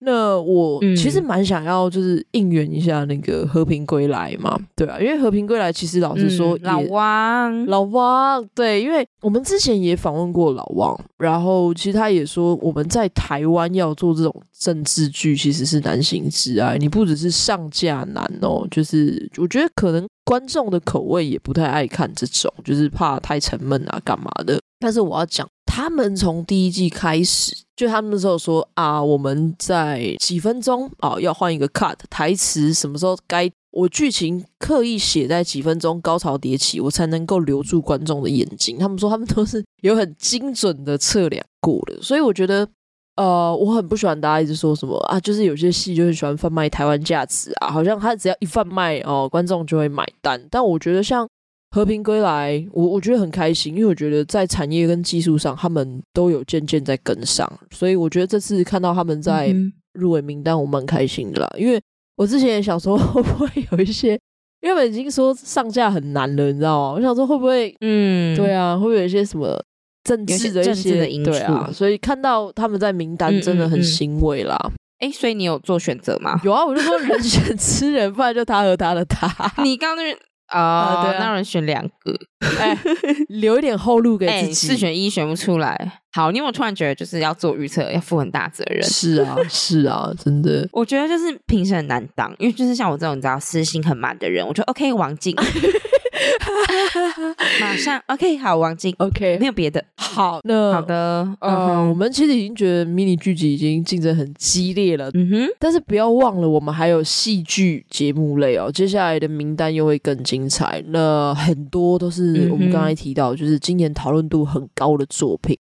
那我其實蠻想要就是應援一下那個和平歸來嘛，對啊，因為和平歸來其實老實說、嗯，老王老王對，因為我們之前也訪問過老王，然後其實他也說我們在台灣要做這種政治劇，其實是難行之啊，你不只是上架難哦、喔，就是我覺得可能觀眾的口味也不太愛看這種，就是怕太沉悶啊幹嘛的。但是我要講。他們從第一季開始，就他們那時候說啊，我們在幾分鐘啊、哦，要換一個 cut，台詞什麼時候該我劇情刻意寫在幾分鐘高潮迭起，我才能夠留住觀眾的眼睛。他們說他們都是有很精準的測量過的，所以我覺得呃，我很不喜歡大家一直說什麼啊，就是有些戲就是喜歡販賣台灣價值啊，好像他只要一販賣哦，觀眾就會買單。但我覺得像。和平歸來，我我覺得很開心，因為我覺得在產業跟技術上，他們都有漸漸在跟上，所以我覺得這次看到他們在入圍名單，我蠻開心的啦。因為我之前也想說，會不會有一些，因為我已經說上架很難了，你知道嗎？我想說會不會，嗯，對啊，會不會有一些什麼政治的一些，有些政治的因素，對啊。所以看到他們在名單，真的很欣慰啦。哎、嗯嗯嗯欸，所以你有做選擇嗎？有啊，我就說人選吃人飯，就他和他的他。 你剛剛那邊。Oh, oh, 對啊，當然選兩個， 留一點後路給自己， 欸、是四選一選不出來，好，因為我突然覺得就是要做預測，要負很大責任，是啊，是啊，真的， 我覺得就是評審很難當，因為就是像我這種你知道私心很滿的人，我覺得 OK，王淨。 馬上，OK，好，王晶，OK，沒有別的，好，那，好的，呃、嗯哼，我們其實已經覺得迷你劇集已經競爭很激烈了，嗯哼，但是不要忘了，我們還有戲劇節目類哦，接下來的名單又會更精彩，那很多都是我們剛才提到，就是今年討論度很高的作品，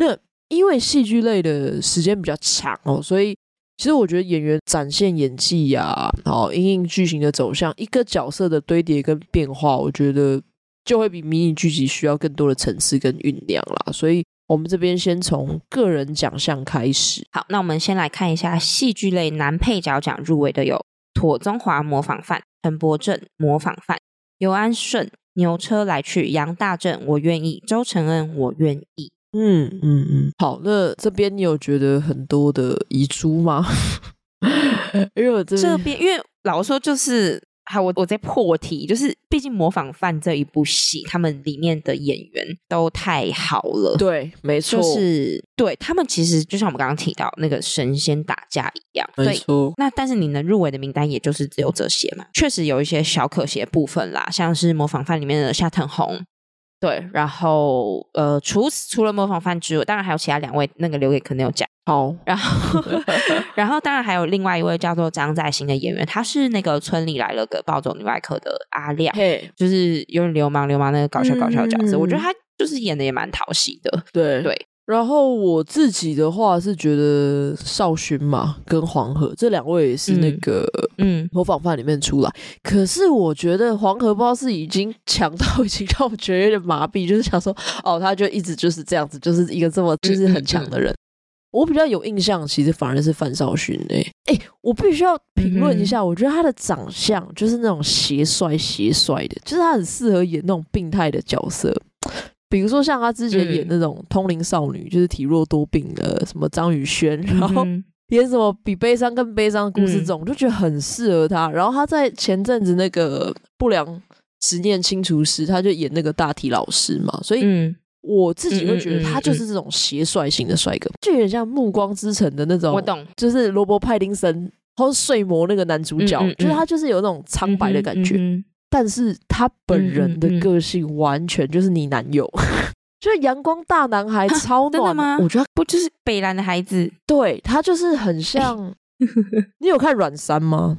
嗯、哼那因為戲劇類的時間比較長哦，所以。其實我覺得演員展現演技呀、啊，哦，因應劇情的走向，一個角色的堆疊跟變化，我覺得就會比迷你劇集需要更多的層次跟醞釀啦。所以，我們這邊先從個人獎項開始。好，那我們先來看一下戲劇類男配角獎入圍的有：庹宗華模仿犯、陳博正模仿犯、游安順牛車來去、楊大正我願意、鄒承恩我願意。嗯嗯嗯，好，那這邊你有覺得很多的遺珠嗎？ 因為我這邊，因為老實說，就是還我我在破題，就是畢竟《模仿犯》這一部戲，他們裡面的演員都太好了，對，沒錯，就是對他們其實就像我們剛剛提到那個神仙打架一樣，沒錯錯。那但是你能入圍的名單，也就是只有這些嘛？確實有一些小可惜的部分啦，像是《模仿犯》裡面的夏騰宏。對，然後呃，除除了模仿犯之外，當然還有其他兩位，那個留給可能有講。哦，oh. 然後 然後當然還有另外一位叫做張再興的演員，他是那個村裡來了個暴走女外科的阿亮，Hey. 就是有點流氓流氓那個搞笑搞笑的角色，mm hmm. 我覺得他就是演的也蠻討喜的。對對。對然後我自己的話是覺得少勳嘛，跟黃河這兩位也是那個嗯，模仿犯裡面出來。可是我覺得黃河不知道是已經強到已經讓我覺得有點麻痹，就是想說哦，他就一直就是這樣子，就是一個這麼就是很強的人。嗯嗯嗯、我比較有印象，其實反而是范少勳哎、欸、哎，我必須要評論一下，嗯，我覺得他的長相就是那種邪帥邪帥的，就是他很適合演那種病態的角色。比如說像他之前演那種通靈少女，嗯、就是體弱多病的什麼張宇軒、嗯、然後演什麼比悲傷更悲傷的故事，這種、嗯、就覺得很適合他。然後他在前陣子那個《不良執念清除師》他就演那個大體老師嘛，所以我自己會覺得他就是這種邪帥型的帥哥，就有點像《暮光之城》的那種，我懂，就是羅伯派丁森，然後是《睡魔》那個男主角，嗯嗯嗯、就是他就是有那種蒼白的感覺。嗯嗯嗯嗯嗯但是他本人的個性完全就是你男友，就是陽光大男孩，超暖的嗎？我覺得不就是北男的孩子，對，他就是很像。你有看阮三嗎？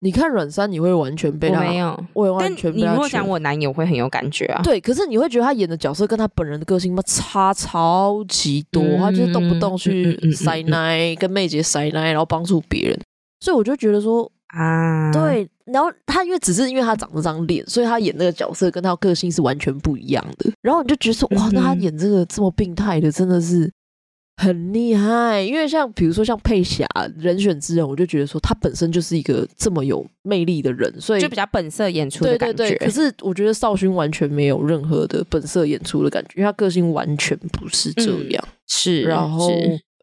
你看阮三，你會完全被他，沒有，我完全。你如果講我男友，會很有感覺啊。對，可是你會覺得他演的角色跟他本人的個性差超級多，他就是動不動去塞奶，跟妹姐塞奶，然後幫助別人。所以我就覺得說。啊，對，然後他因為只是因為他長了張臉，所以他演那個角色跟他個性是完全不一樣的。然後你就覺得說，哇，那他演這個這麼病態的，真的是很厲害。因為像比如說像佩霞，人選之人，我就覺得說他本身就是一個這麼有魅力的人，所以就比較本色演出的感覺。對對對。可是我覺得少勳完全沒有任何的本色演出的感覺，因為他個性完全不是這樣。嗯，是，然後。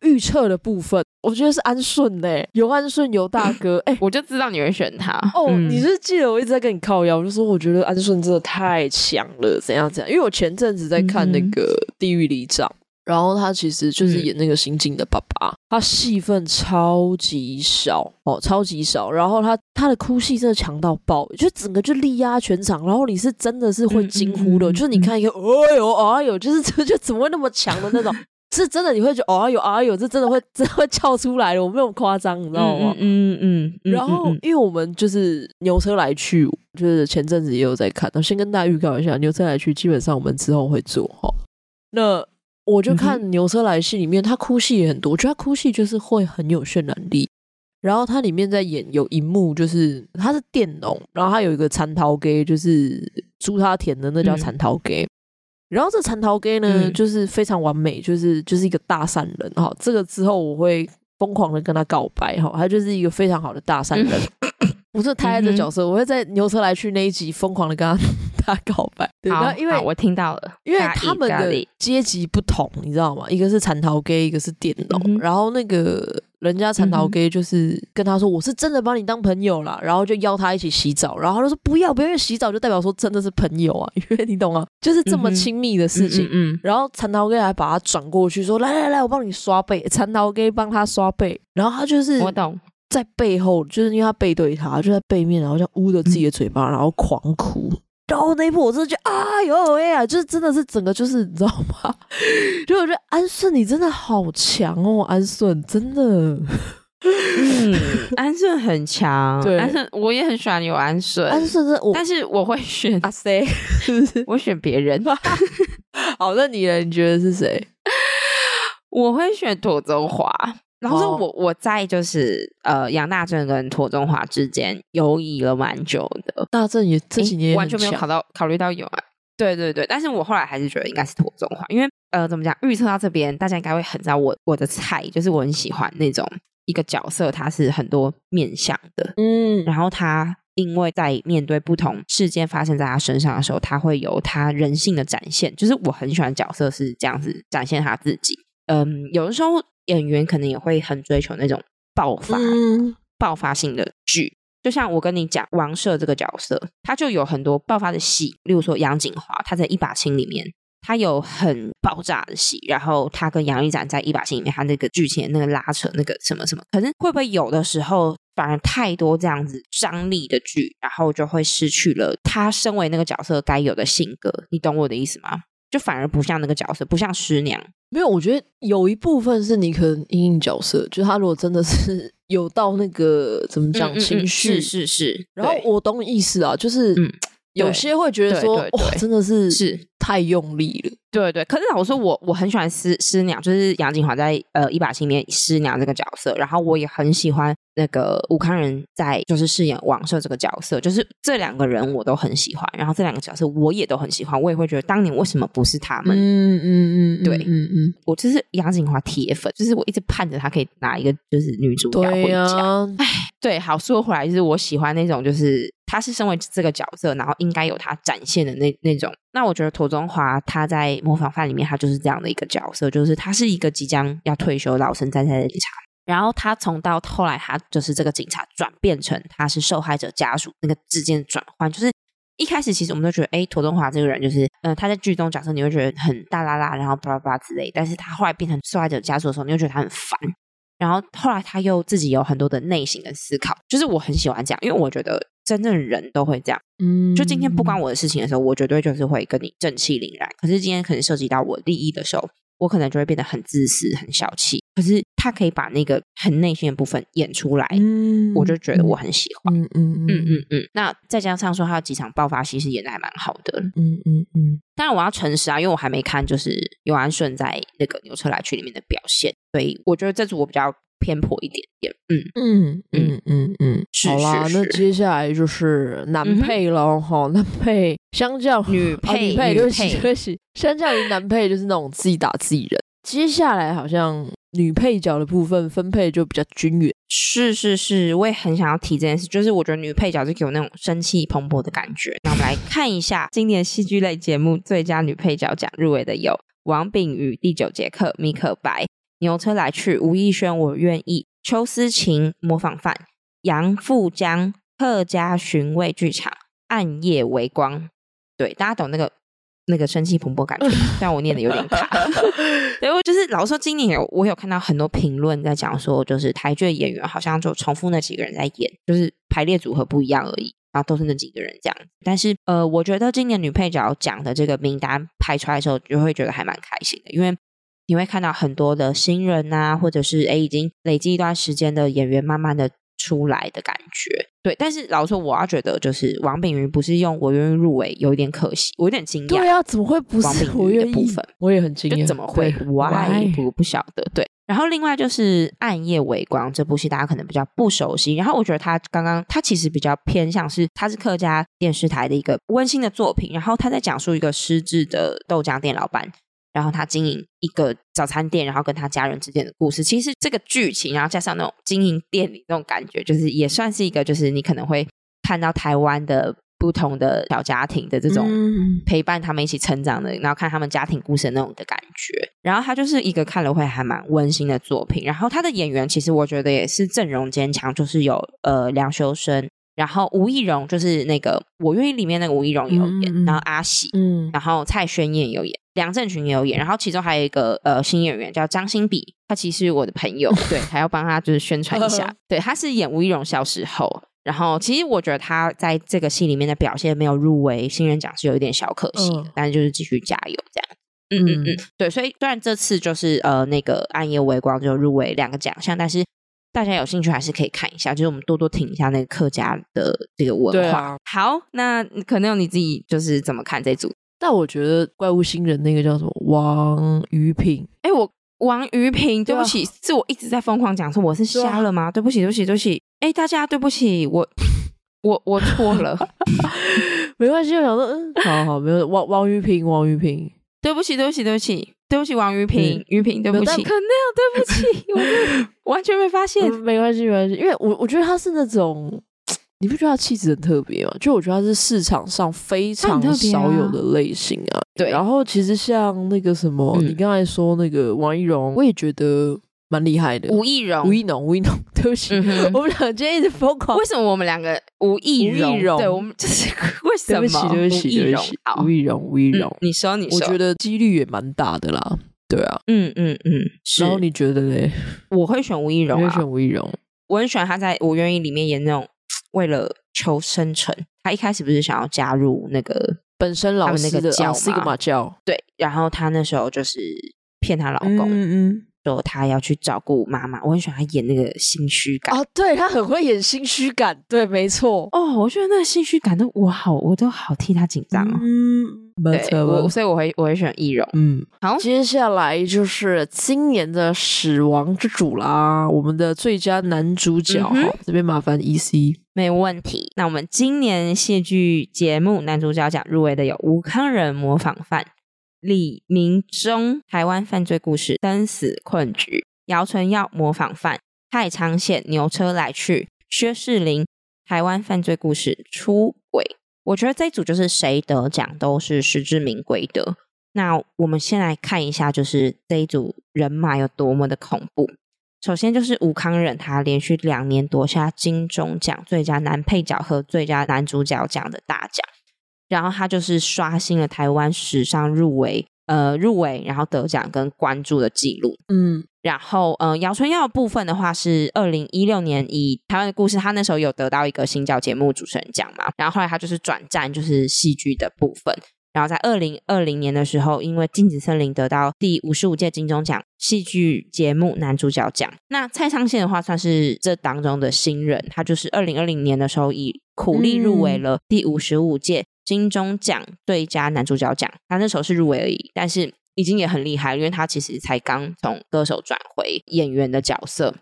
預測的部分，我覺得是安順嘞、欸，有安順，有大哥，哎、 欸，我就知道你會選他哦。Oh, 嗯、你是，是記得我一直在跟你靠腰，我就說我覺得安順真的太強了，怎樣怎樣？因為我前陣子在看那個《地獄里長》，嗯，然後他其實就是演那個刑警的爸爸，嗯、他戲份超級少哦，超級少。然後他他的哭戲真的強到爆，就整個就力壓全場。然後你是真的是會驚呼的，嗯嗯嗯嗯，就是你看一個哎呦哎呦，就是這就怎麼會那麼強的那種。 是真的，你會覺得啊喲啊喲，這真的會真的會跳出來的，我沒有誇張，你知道嗎？嗯嗯，嗯，嗯然後然後，因為我們就是牛車來去，就是前陣子也有在看，然後先跟大家預告一下，牛車來去基本上我們之後會做哈。那我就看牛車來去裡面，他哭戲也很多，我覺得他哭戲就是會很有渲染力。然後他裡面在演有、幕，就是，有一幕，就是他是佃農，然後他有一個田頭家，就是租他田的，那叫田頭家。嗯然後這陳桃 gay 呢，嗯、就是非常完美，就是就是一個大善人哈。這個之後我會瘋狂的跟他告白哈，他就是一個非常好的大善人。嗯、我是太愛這角色，嗯、哼我會在牛車來去那一集瘋狂的跟他呵呵。他告白，對，好然後因為，我聽到了，因為他們的階級不同，嘎嘎你知道嗎？一個是蠶桃哥，一個是電腦。嗯、哼然後那個人家蠶桃哥就是跟他說：“我是真的把你當朋友了。嗯哼”然後就邀他一起洗澡。然後他說：“不要，不要，因為洗澡就代表說真的是朋友啊，因為你懂啊，就是這麼親密的事情。嗯”嗯，嗯，嗯。然後蠶桃哥還把他轉過去說：“來來來，我幫你刷背。”蠶桃哥幫他刷背。然後他就是我懂，在背後，懂就是因為他背對他，就在背面，然後就捂着自己的嘴巴，嗯、然後狂哭。然後那部我真的覺得，有、哎呦喂啊！就是真的是整個就是，你知道嗎？就我覺得安順你真的好強哦，安順真的，嗯，安順很強。對，安我也很喜歡你有安順，安順是，我但是我會選啊誰，塞，我選別人吧。 好，那你呢？你覺得是誰？我會選庹宗華。然後是我、oh. 我在就是呃楊大正跟庹宗華之間猶豫了蠻久的，大正也這幾年完全沒有考到考慮到有啊，對對對，但是我後來還是覺得應該是庹宗華，因為呃怎麼講預測到這邊，大家應該會很知道我我的菜，就是我很喜歡那種一個角色他是很多面向的，嗯，然後他因為在面對不同事件發生在他身上的時候，他會有他人性的展現，就是我很喜歡角色是這樣子展現他自己，嗯，有的時候。演員可能也會很追求那種爆發、嗯、爆發性的劇，就像我跟你講王赦這個角色，他就有很多爆發的戲。例如說楊謹華他在《一把青》裡面，他有很爆炸的戲，然後他跟楊一展在《一把青》裡面，他那個劇情那個拉扯那個什麼什麼，可是會不會有的時候反而太多這樣子張力的劇，然後就會失去了他身為那個角色該有的性格？你懂我的意思嗎？就反而不像那個角色，不像師娘。沒有，我覺得有一部分是你可能陰影角色，就是他如果真的是有到那個怎麼講情緒，是是是。然後我懂你意思啊，對就是。嗯對有些會覺得說，哇、哦，真的是是太用力了。對，對對，可是老實說我，我我很喜歡《師師娘》，就是楊謹華在呃《一把青》裡面師娘這個角色。然後我也很喜歡那個吳慷仁在就是飾演王赦這個角色。就是這兩個人我都很喜歡。然後這兩個角色我也都很喜歡。我也會覺得當年為什麼不是他們？嗯嗯嗯，嗯嗯對，嗯嗯，嗯嗯嗯我就是楊謹華鐵粉，就是我一直盼着他可以拿一個就是女主角回家。哎、啊，對，好說回來，就是我喜歡那種就是。他是身為這個角色，然後應該有他展現的那那種。那我覺得庹宗華他在模仿犯裡面，他就是這樣的一個角色，就是他是一個即將要退休老神在在的警察。然後他從到後來，他就是這個警察轉變成他是受害者家屬那個之間的轉換，就是一開始其實我們都覺得，哎，庹宗華這個人就是，嗯、呃，他在劇中角色你會覺得很大啦啦，然後吧啦吧啦之類，但是他後來變成受害者家屬的時候，你會覺得他很煩。然後後來他又自己有很多的內心的思考，就是我很喜歡這樣，因為我覺得真正的人都會這樣。嗯，就今天不關我的事情的時候，我絕對就是會跟你正氣凛然；可是今天可能涉及到我利益的時候。我可能就會變得很自私、很小氣，可是他可以把那個很內心的部分演出來，嗯、我就覺得我很喜歡，嗯嗯嗯嗯嗯。那再加上說，他有幾場爆發戲，其實演得還蠻好的，嗯嗯嗯。嗯嗯當然，我要誠實啊，因為我還沒看，就是游安順在那個牛車來去裡面的表現。所以我覺得這組我比較。偏頗一點點，嗯嗯嗯嗯嗯，好啦，那接下來就是男配咯哈，男配相較女配，對不起對不起。相較於男配就是那種自己打自己人。接下來好像女配角的部分分配就比較均勻，是是是，我也很想要提這件事，就是我覺得女配角就給我那種生氣蓬勃的感覺。那我們來看一下今年戲劇類節目最佳女配角獎入圍的有王炳宇、第九節課、米可白。.牛車來去、吳亦軒、我願意、秋思情、模仿犯、楊富江、客家尋味劇場、暗夜微光，對，大家懂那個那個生氣蓬勃感覺嗎， 但我念的有點卡。然後 就是老說今年有我，我有看到很多評論在講說，就是台劇演員好像就重複那幾個人在演，就是排列組合不一樣而已，然後都是那幾個人這樣。但是呃，我覺得今年女配角獎的這個名單排出來的時候，就會覺得還蠻開心的，因為。你會看到很多的新人吶、啊，或者是誒已經累積一段時間的演員，慢慢的出來的感覺。對，但是老實說，我要覺得就是王炳雲不是用我願意入圍，有一點可惜，我有點驚訝。對啊，怎麼會不是我願意的部分我？我也很驚訝，怎麼會？對 why 我不不曉得。對，對然後另外就是《暗夜微光》這部戲，大家可能比較不熟悉。然後我覺得他剛剛他其實比較偏向是，他是客家電視台的一個溫馨的作品。然後他在講述一個失智的豆漿店老板。然後他經營一個早餐店，然後跟他家人之間的故事，其實這個劇情，然後加上那種經營店裡那種感覺，就是也算是一個，就是你可能會看到台灣的不同的小家庭的這種陪伴他們一起成長的，嗯，然後看他們家庭故事那種的感覺。然後他就是一個看了會還蠻溫馨的作品。然後他的演員其實我覺得也是陣容堅強，就是有呃梁修身。然後吳亦榮就是那個《我願意》裡面那個吳亦榮有演，嗯、然後阿喜，嗯、然後蔡軒彥有演，梁正群也有演，然後其中還有一個呃新演員叫張新比，他其實我的朋友， 對，還要幫他就是宣傳一下， 對，他是演吳亦榮小時候，然後其實我覺得他在這個戲裡面的表現沒有入圍新人獎是有一點小可惜的，嗯、但是就是繼續加油這樣，嗯嗯嗯，對，所以雖然這次就是呃那個《暗夜微光》就入圍兩個獎項，但是。大家有興趣還是可以看一下，就是我們多多聽一下那個客家的這個文化。啊、好，那可能你自己就是怎麼看這組？但我覺得怪物新人那個叫什麼王宇平？哎、欸，我王宇平，對不起，啊、是我一直在瘋狂講錯，我是瞎了嗎？對，啊、對不起，對不起，對不起，哎、欸，大家對不起，我我我錯了， 沒關係，我想說，嗯，好好，好，沒有王王宇平，王宇平，對不起，對不起，對不起。對不,嗯、對不起，王玉萍，玉萍，對不起，可能對不起，我就完全沒發現，沒關係，沒關係，因為我我覺得他是那種，你不覺得他氣質很特別嗎？就我覺得他是市場上非常少有的類型啊，對、啊。然後其實像那個什麼，嗯、你剛才說那個王一榮，我也覺得。蠻厲害的，吳亦融，吳亦農，吳亦農，對不起，我們兩個今天一直瘋狂，為什麼我們兩個吳亦融？對，我們這是為什麼？對不起，對不起，對不起，吳亦融，吳亦融，你說，你說，我覺得幾率也蠻大的啦，對啊，嗯嗯嗯，然後你覺得呢？我會選吳亦融啊，我會選吳亦融，我很喜歡他，在《我願意》裡面演那種為了求生存，他一開始不是想要加入那個本身老那個老四哥嘛？教對，然後他那時候就是騙他老公，嗯嗯。說他要去照顧媽媽，我很喜歡他演那個心虛感啊、哦，對，他很會演心虛感， 對，沒錯，哦，我覺得那個心虛感的，我好，我都好替他緊張啊、哦，嗯，對，我所以我會我會選易容，嗯，好，接下來就是今年的死亡之組啦，我們的最佳男主角，嗯、哼這邊麻煩 E C，沒問題，那我們今年戲劇節目男主角獎入圍的有吳慷仁、模仿犯。李銘忠，台灣犯罪故事《生死困局》；姚淳耀模仿犯；太保《牛車來去》；薛仕凌，台灣犯罪故事《出軌》。我覺得這一組就是誰得獎都是實至名歸的。那我們先來看一下，就是這一組人馬有多麼的恐怖。首先就是吳慷仁，他連續兩年奪下金鐘獎最佳男配角和最佳男主角獎的大獎。然後他就是刷新了台灣史上入圍呃，入圍然後得獎跟關注的記錄。嗯，然後嗯、呃，姚淳耀的部分的話是二零一六年以《台灣的故事》他那時候有得到一個行腳節目主持人獎嘛，然後後來他就是轉戰就是戲劇的部分，然後在二零二零年的時候，因為《鏡子森林》得到第五十五屆金鐘獎戲劇節目男主角獎。那蔡昌憲的話算是這當中的新人，他就是二零二零年的時候以苦力入圍了第五十五屆、嗯。金鐘獎最佳男主角獎，他那時候是入圍而已，但是已經也很厲害了，因為他其實才剛從歌手轉回演員的角色。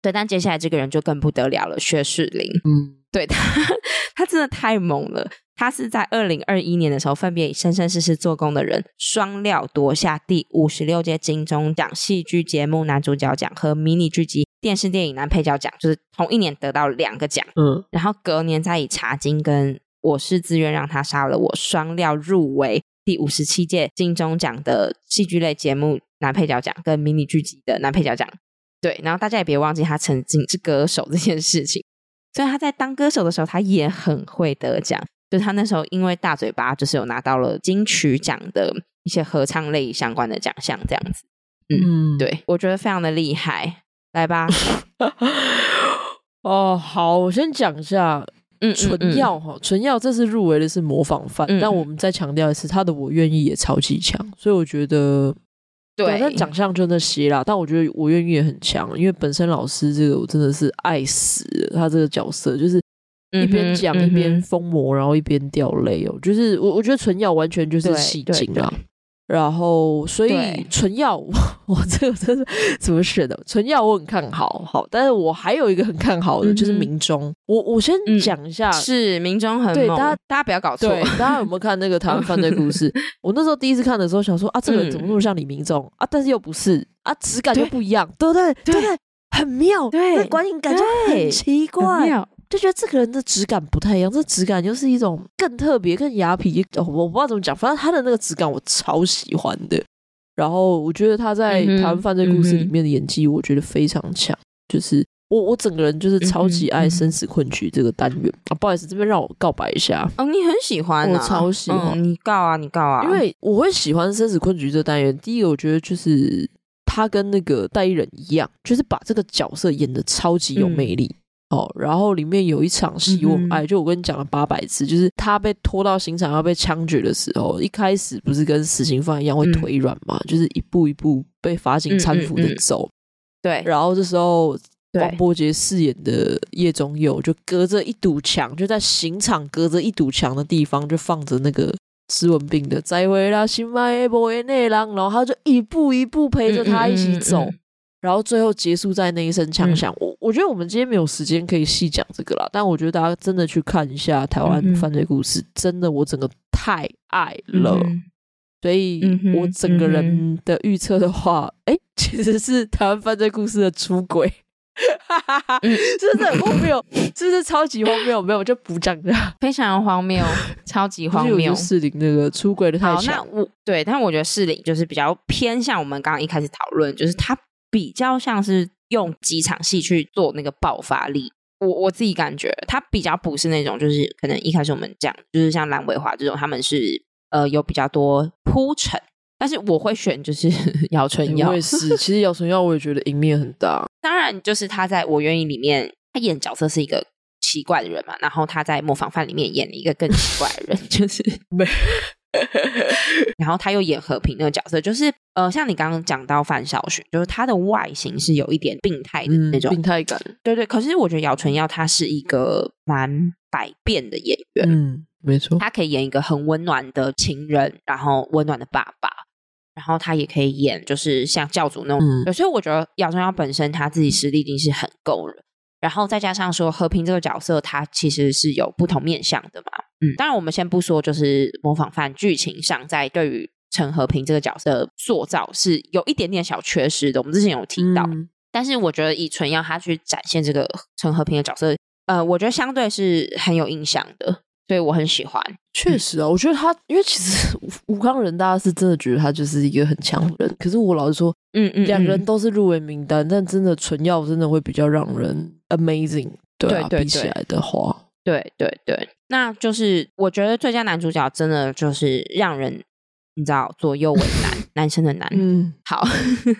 對，但接下來這個人就更不得了了，薛仕凌。嗯，對他，他真的太猛了。他是在二零二一年的時候，分別以《生生世世做工的人》雙料奪下第五十六屆金鐘獎戲劇節目男主角獎和迷你劇集電視電影男配角獎，就是同一年得到兩個獎。嗯，然後隔年再以《茶金》跟我是自願讓他殺了我，雙料入圍第五十七屆金鐘獎的戲劇類節目男配角獎跟迷你劇集的男配角獎。對，然後大家也別忘記他曾經是歌手這件事情。所以他在當歌手的時候，他也很會得獎。就是、他那時候因為大嘴巴，就是有拿到了金曲獎的一些合唱類相關的獎項，這樣子。嗯，對，我覺得非常的厲害。來吧， 哦，好，我先講一下。淳耀哈，淳耀、嗯嗯嗯、這次入圍的是模仿犯，嗯嗯但我們再強調一次，他的我願意也超級強，所以我覺得，對，但長相真的斜啦但我覺得我願意也很強，因為本身老師這個我真的是愛死他這個角色，就是一邊講、嗯、哼一邊瘋魔，嗯、哼然後一邊掉淚哦，就是我我覺得淳耀完全就是戲精啊。然後，所以淳耀，我這個真是怎麼選的？淳耀我很看好，好，但是我還有一個很看好的就是銘忠，我我先講一下，是銘忠很猛，對，大家大家不要搞錯，大家有沒有看那個《台灣犯罪故事》？我那時候第一次看的時候想說啊，這個怎麼那麼像李銘忠，啊？但是又不是啊，質感又不一樣，對不對？對對，很妙，對，觀影感覺很奇怪。就覺得這個人的質感不太一樣，這質感就是一種更特別、更雅痞、哦。我不知道怎麼講，反正他的那個質感我超喜歡的。然後我覺得他在《台灣犯罪故事》裡面的演技，嗯嗯、我覺得非常強。就是我我整個人就是超級愛《生死困局》這個單元、嗯嗯、啊。不好意思，這邊讓我告白一下、哦、你很喜歡、啊，我超喜歡、嗯。你告啊，你告啊。因為我會喜歡《生死困局》這個單元，第一個我覺得就是他跟那個代言人一樣，就是把這個角色演得超級有魅力。嗯哦，然後裡面有一場戲我哎，就我跟你講了八百次，嗯、就是他被拖到刑場要被槍決的時候，一開始不是跟死刑犯一樣會腿軟嘛，嗯、就是一步一步被法警攙扶著走。對、嗯，嗯嗯、然後這時候，王柏、嗯、傑飾演的葉仲佑就隔着一堵牆，就在刑場隔着一堵牆的地方就放着那個施文彬的再會啦，心愛的無緣的人然後他就一步一步陪着他一起走，嗯嗯嗯、然後最後結束在那一聲槍響。嗯哦我覺得我們今天沒有時間可以細講這個啦，但我覺得大家真的去看一下《台灣犯罪故事》，嗯嗯，真的我整個太愛了，嗯嗯，所以我整個人的預測的話，哎、嗯嗯嗯，欸，其實是《台灣犯罪故事》的出軌， 真的我沒有 是不是超級荒謬，沒有我就不講了，非常荒謬，超級荒謬。我覺得釋靈那個出軌的太……好，那我對，但我覺得釋靈就是比較偏向我們剛剛一開始討論，就是他比較像是。用幾場戲去做那個爆發力，我我自己感覺他比較不是那種，就是可能一開始我們講，就是像藍葦華這種，他們是呃有比較多鋪陳，但是我會選就是對 姚淳耀，我也是其實姚淳耀我也覺得贏面很大，當然就是他在我願意裡面，他演角色是一個奇怪的人嘛，然後他在模仿犯裡面演了一個更奇怪的人， 就是沒。 然後他又演和平那個角色，就是呃，像你剛剛講到范曉萱，就是他的外形是有一點病態的那種、嗯、病態感，對對。可是我覺得姚淳耀他是一個蠻百變的演員，嗯，沒錯，他可以演一個很溫暖的情人，然後溫暖的爸爸，然後他也可以演就是像教主那種。嗯、所以我覺得姚淳耀本身他自己實力已經是很夠了。然後再加上說和平這個角色，他其實是有不同面向的嘛。嗯，當然我們先不說，就是模仿犯劇情上，在對於陳和平這個角色的塑造是有一點點小缺失的。我們之前有提到，嗯、但是我覺得以淳耀他去展現這個陳和平的角色，呃，我覺得相對是很有印象的，所以我很喜歡。確實啊，嗯、我覺得他因為其實吳慷仁大家是真的覺得他就是一個很強的人，可是我老實說，嗯嗯，嗯嗯兩個人都是入圍名單，但真的淳耀真的會比較讓人。Amazing，對啊，對對對，比起來的話，對對對，那就是我覺得最佳男主角真的就是讓人，你知道左右為難， 男生的男。嗯，好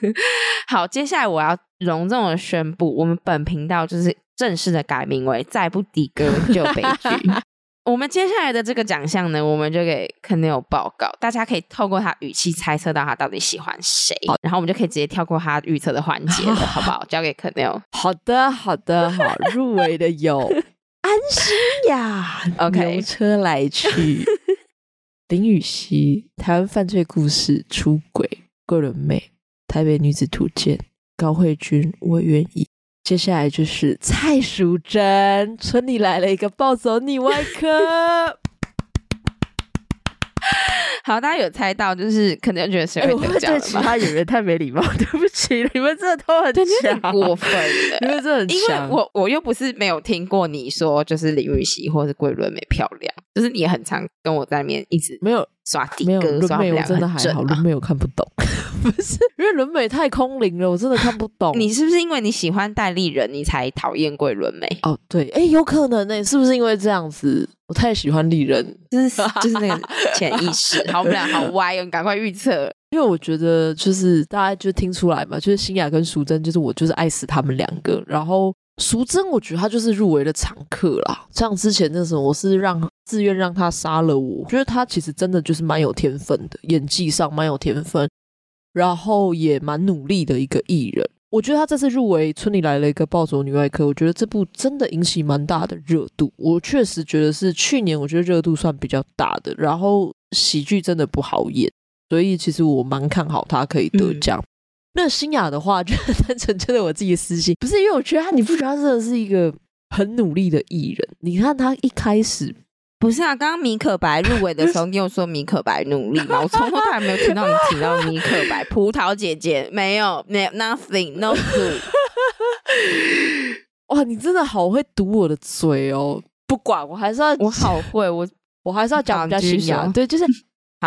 好，接下來我要隆重的宣布，我們本頻道就是正式的改名為再不的哥就悲劇。 我們接下來的這個獎項呢，我們就給 Quennel 報告，大家可以透過他語氣猜測到他到底喜歡誰，好然後我們就可以直接跳過他預測的環節，啊、好不好？交給 Quennel。好的，好的，好，入圍的有 安心呀，OK， 牛車來去，Okay 林予晞，台灣犯罪故事出軌，桂綸鎂，台北女子圖鑑，高慧君，我願意。接下來就是蔡淑臻，村裡來了一個暴走女外科。 好，大家有猜到，就是可能覺得誰會得獎、欸、我覺得其他演員太沒禮貌， 對不起，你們真的都很強，很過分， 你們這很強，因為我我又不是沒有聽過你說，就是林予晞或是桂綸鎂漂亮，就是你也很常跟我在面一直沒有耍低格，耍低格真的還好，綸鎂我看不懂， 不是因為綸鎂太空靈了，我真的看不懂。 你是不是因為你喜歡戴麗人，你才討厭桂綸鎂？哦，對，哎、欸，有可能呢、欸，是不是因為這樣子？我太喜歡麗人，就是 就是那個潛意識，好，我們倆好歪哦！你趕快預測， 因為我覺得就是大家就聽出來嘛，就是新雅跟淑珍，就是我就是愛死他們兩個。然後淑珍，我覺得她就是入圍的常客啦，像之前那時候，我是讓自願讓她殺了我，我覺得她其實真的就是蠻有天分的，演技上蠻有天分，然後也蠻努力的一個藝人。我覺得他這次入圍《村裡來了一個暴走女外科》，我覺得這部真的引起蠻大的熱度。我確實覺得是去年，我覺得熱度算比較大的。然後喜劇真的不好演，所以其實我蠻看好他可以得獎。嗯、那新雅的話，就單純真的我自己私心，不是因為我覺得他，你不覺得他真的是一個很努力的藝人？你看他一開始。不是啊，剛剛米可白入圍的時候，你有說米可白努力嗎？我從頭到尾沒有聽到你提到米可白。葡萄姐姐沒有，沒有 nothing，no two。哇，你真的好會堵我的嘴哦！不管，我還是要我好會，我我還是要講。我們家新雅，對，就是。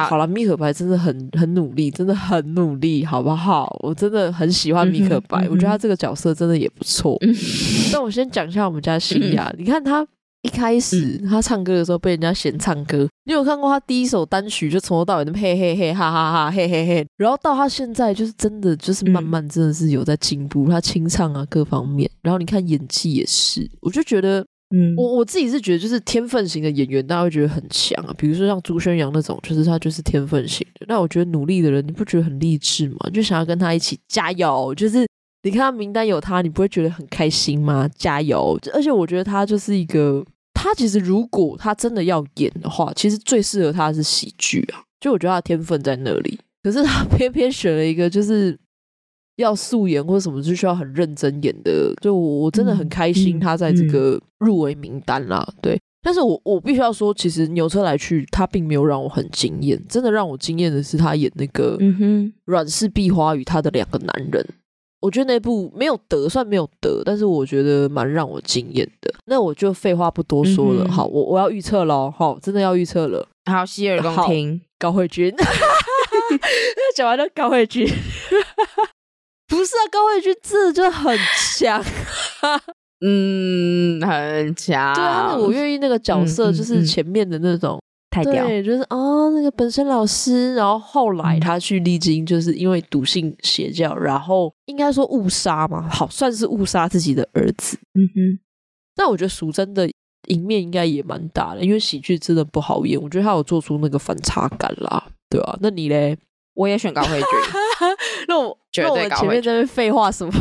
好了，米可白真的很很努力，真的很努力，好不好？我真的很喜歡米可白，我覺得她這個角色真的也不錯。那我先講一下我們家新雅，你看她。一開始、嗯、他唱歌的時候被人家嫌唱歌，你有看過他第一首單曲就從頭到尾那麼嘿嘿嘿，哈哈哈哈，嘿嘿嘿。然後到他現在就是真的就是慢慢真的是有在進步，嗯、他清唱啊各方面，然後你看演技也是，我就覺得，嗯，我我自己是覺得就是天分型的演員，大家會覺得很強啊，比如說像朱軒洋那種，就是他就是天分型的。那我覺得努力的人你不覺得很勵志嗎？就想要跟他一起加油，就是。你看名單有他，你不會覺得很開心嗎？加油！而且我覺得他就是一個，他其實如果他真的要演的話，其實最適合他是喜劇啊。就我覺得他的天分在那裡，可是他偏偏選了一個就是要素顏或者什麼就需要很認真演的。就我我真的很開心他在這個入圍名單啦，啊。對，但是我我必須要說，其實牛車來去他並沒有讓我很驚艷。真的讓我驚艷的是他演那個嗯哼《阮氏碧花與他的兩個男人》。我覺得那部沒有得算沒有得，但是我覺得蠻讓我驚艷的。那我就廢話不多說了，嗯、哼好，我我要預測嘍，好，真的要預測了，好，洗耳恭聽，高慧君，講完了高慧君， 不是啊，高慧君真的很強， 嗯，很強，對啊，我願意那個角色就是前面的那種。嗯嗯嗯太對，就是啊、哦，那個本身老師，然後後來他去歷經，就是因為篤信邪教，然後應該說誤殺嘛，好，算是誤殺自己的兒子。嗯哼，但我覺得淑珍的贏面應該也蠻大的，因為喜劇真的不好演，我覺得他有做出那個反差感啦。對啊，那你嘞？我也選高慧君 那我那我前面在廢話什麼？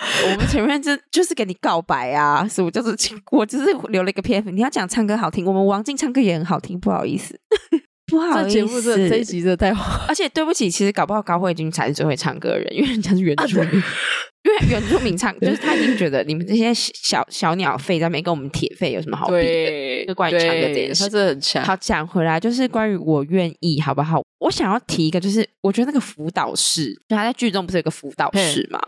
我們前面就是、就是給你告白啊，什麼叫做情？我只、就是、是留了一個 P F，你要講唱歌好聽，我們王靜唱歌也很好聽，不好意思， 不好意思，這節目這這一集這太……而且對不起，其實搞不好高慧君才是最會唱歌的人，因為人家是原住民，啊、因為原住民唱 就是他已經覺得你們這些小小鳥肺在沒跟我們鐵肺有什麼好比的，對就關於唱歌這件事，對他真的很強。好講回來，就是關於我願意好不好？我想要提一個，就是我覺得那個輔導室，就他在劇中不是有個輔導室嘛？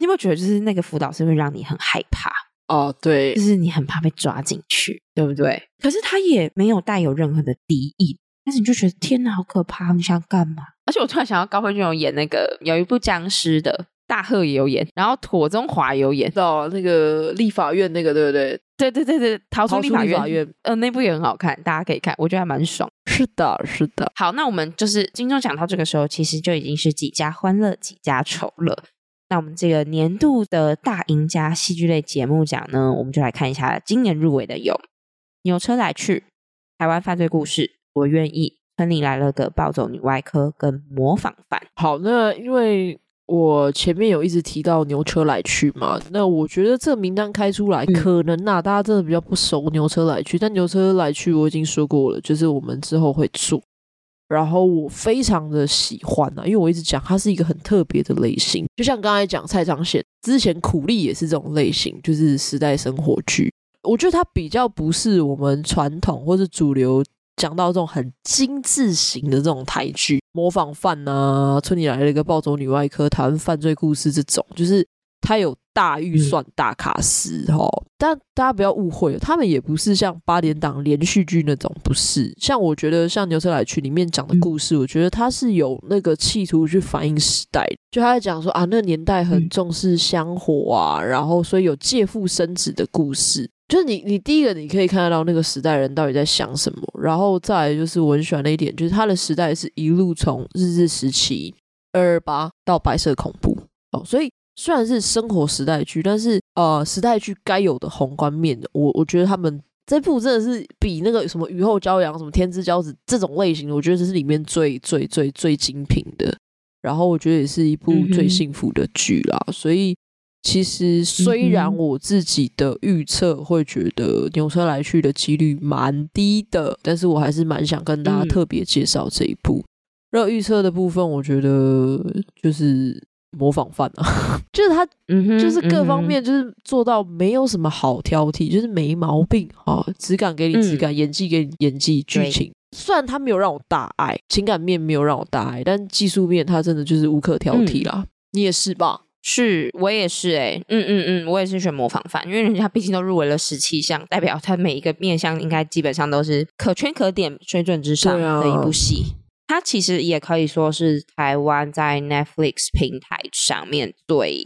你有沒有覺得，就是那個輔導師會讓你很害怕哦？對，就是你很怕被抓進去，對不對？可是他也沒有帶有任何的敵意，但是你就覺得天哪，好可怕！你想幹嘛？而且我突然想到高慧君有演那個有一部殭屍的，大鶴也有演，然後妥中華有演哦，到那個立法院那個對不對？對對對對，逃出，逃出立法院，法院呃，那部也很好看，大家可以看，我覺得還蠻爽。是的，是的。好，那我們就是金鐘講到這個時候，其實就已經是幾家歡樂幾家愁了。那我們這個年度的大贏家戲劇類節目獎呢，我們就來看一下今年入圍的有《牛車來去》、《台灣犯罪故事》、《我願意》、《村裡來了個暴走女外科》跟《模仿犯》。好，那因為我前面有一直提到《牛車來去》嘛，那我覺得這名單開出來，嗯、可能啊，大家真的比較不熟《牛車來去》，但《牛車來去》我已經說過了，就是我們之後會做。然後我非常的喜歡啊，因為我一直講它是一個很特別的類型，就像剛才講蔡長顯，之前苦力也是這種類型，就是時代生活劇。我覺得它比較不是我們傳統或者主流講到這種很精致型的這種台劇，模仿犯啊、村裡來了一個暴走女外科、談犯罪故事這種，就是它有。大預算大卡司，嗯哦，但大家不要誤會，他們也不是像八點檔連續劇那種，不是像我覺得像《牛車來去》裡面講的故事，嗯，我覺得他是有那個企圖去反映時代，就他在講說啊，那個年代很重視香火啊，嗯，然後所以有借腹生子的故事，就是你你第一個你可以看得到那個時代人到底在想什麼，然後再來就是我很喜歡的一點，就是他的時代是一路從日治時期二二八到白色恐怖哦，所以。雖然是生活時代劇，但是呃，時代劇該有的宏觀面，我我覺得他們這部真的是比那個什麼雨後驕陽、什麼天之驕子這種類型的，我覺得這是裡面最最最最精品的。然後我覺得也是一部最幸福的劇啦。嗯嗯，所以其實雖然我自己的預測會覺得牛車來去的幾率蠻低的，但是我還是蠻想跟大家特別介紹這一部。那預測的部分，我覺得就是。模仿犯啊， 就是他，嗯哼，就是各方面就是做到沒有什麼好挑剔，嗯嗯、就是沒毛病啊，質感給你質感，嗯、演技給你演技，劇情對雖然他沒有讓我大愛，情感面沒有讓我大愛，但技術面他真的就是無可挑剔啦。嗯、你也是吧？是我也是、欸，哎，嗯嗯嗯，我也是選模仿犯，因為人家畢竟都入圍了十七項，代表他每一個面相應該基本上都是可圈可點水準之上的一部戲。.它其實也可以說是台灣在 Netflix 平台上面最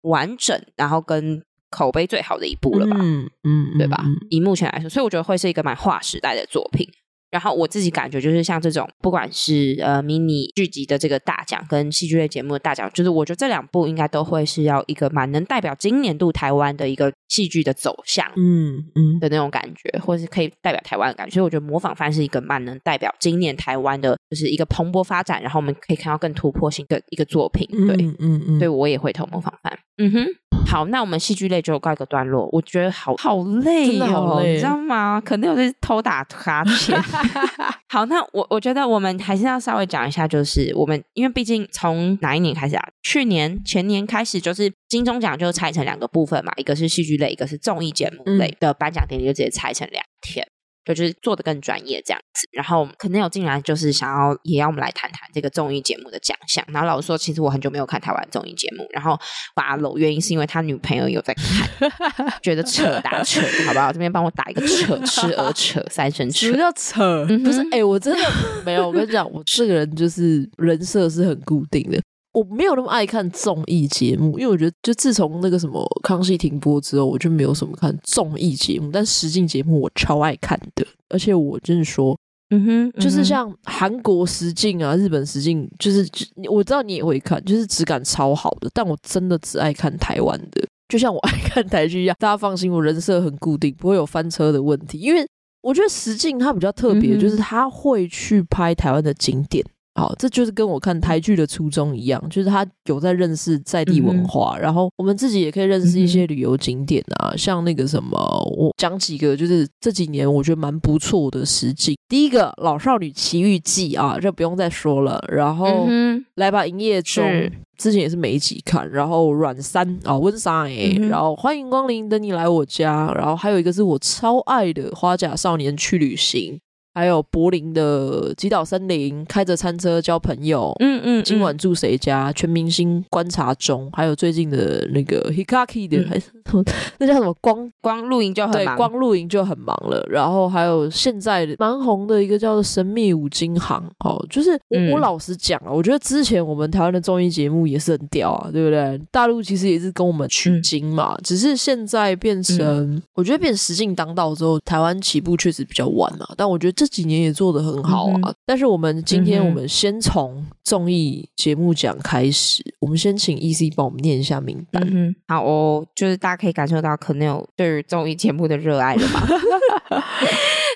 完整，然後跟口碑最好的一部了吧，嗯，嗯，對吧？嗯，以目前來說，所以我覺得會是一個蠻劃時代的作品。然後我自己感覺就是像這種，不管是呃迷你劇集的這個大獎跟戲劇類節目的大獎，就是我覺得這兩部應該都會是要一個蠻能代表今年度台灣的一個戲劇的走向，嗯嗯的那種感覺，嗯嗯、或是可以代表台灣的感覺。所以我覺得《模仿犯》是一個蠻能代表今年台灣的，就是一個蓬勃發展，然後我們可以看到更突破性的一個作品。對，嗯嗯，對、嗯嗯、我也會投《模仿犯》。嗯哼。好，那我們戲劇類就告一個段落。我覺得好好累，哦，你知道嗎？肯定有些偷打哈欠。 好，那我我覺得我們還是要稍微講一下，就是我們因為畢竟從哪一年開始啊？去年前年開始，就是金鐘獎就拆成兩個部分嘛，一個是戲劇類，一個是綜藝節目類的頒獎典禮，就直接拆成兩天。嗯就，就是做得更專業這樣子，然後可能有竟然就是想要，也要我們來談談這個綜藝節目的獎項。然後老實說，其實我很久沒有看台灣綜藝節目，然後把他摟原因是因為他女朋友有在看， 覺得扯打扯，好不好？這邊幫我打一個扯吃而扯三聲扯，什麼叫扯？嗯、哼不是哎、欸，我真的 沒有。我跟你講，我這個人就是人設是很固定的。我沒有那麼愛看綜藝節目，因為我覺得，就自從那個什麼《康熙》停播之後，我就沒有什麼看綜藝節目。但實境節目我超愛看的，而且我就是說嗯，嗯哼，就是像韓國實境啊、日本實境，就是我知道你也會看，就是質感超好的。但我真的只愛看台灣的，就像我愛看台劇一樣。大家放心，我人設很固定，不會有翻車的問題。因為我覺得實境它比較特別，就是它會去拍台灣的景點。嗯好，這就是跟我看台劇的初衷一樣，就是他有在認識在地文化，嗯、哼然後我們自己也可以認識一些旅遊景點啊，嗯、哼像那個什麼，我講幾個就是這幾年我覺得蠻不錯的實境。第一個《老少女奇遇記》啊，就不用再說了，然後《嗯、哼來吧營業中》是之前也是每一集看，然後《阮三》啊、哦《溫三》嗯哼，然後《歡迎光臨等你來我家》，然後還有一個是我超愛的《花甲少年去旅行》。還有柏林的極島森林，開着餐車交朋友。嗯嗯，嗯嗯今晚住誰家？全明星觀察中，還有最近的那個 Hikaki 的，嗯、還是什麼那叫什麼光光露營就很忙對，光露營就很忙了。然後還有現在的，蠻紅的一個叫做神秘五金行。哦，就是我、嗯、我老實講啊，我覺得之前我們台灣的綜藝節目也是很屌啊，對不對？大陸其實也是跟我們取經嘛，嗯、只是現在變成、嗯、我覺得變實境當道之後，台灣起步確實比較晚啊，但我覺得這。這幾年也做得很好啊！嗯、哼但是我們今天我們先從綜藝節目獎開始，嗯、哼我們先請 EC 幫我們念一下名單。嗯、好，我就是大家可以感受到 Quennel 對於綜藝節目的熱愛了嘛。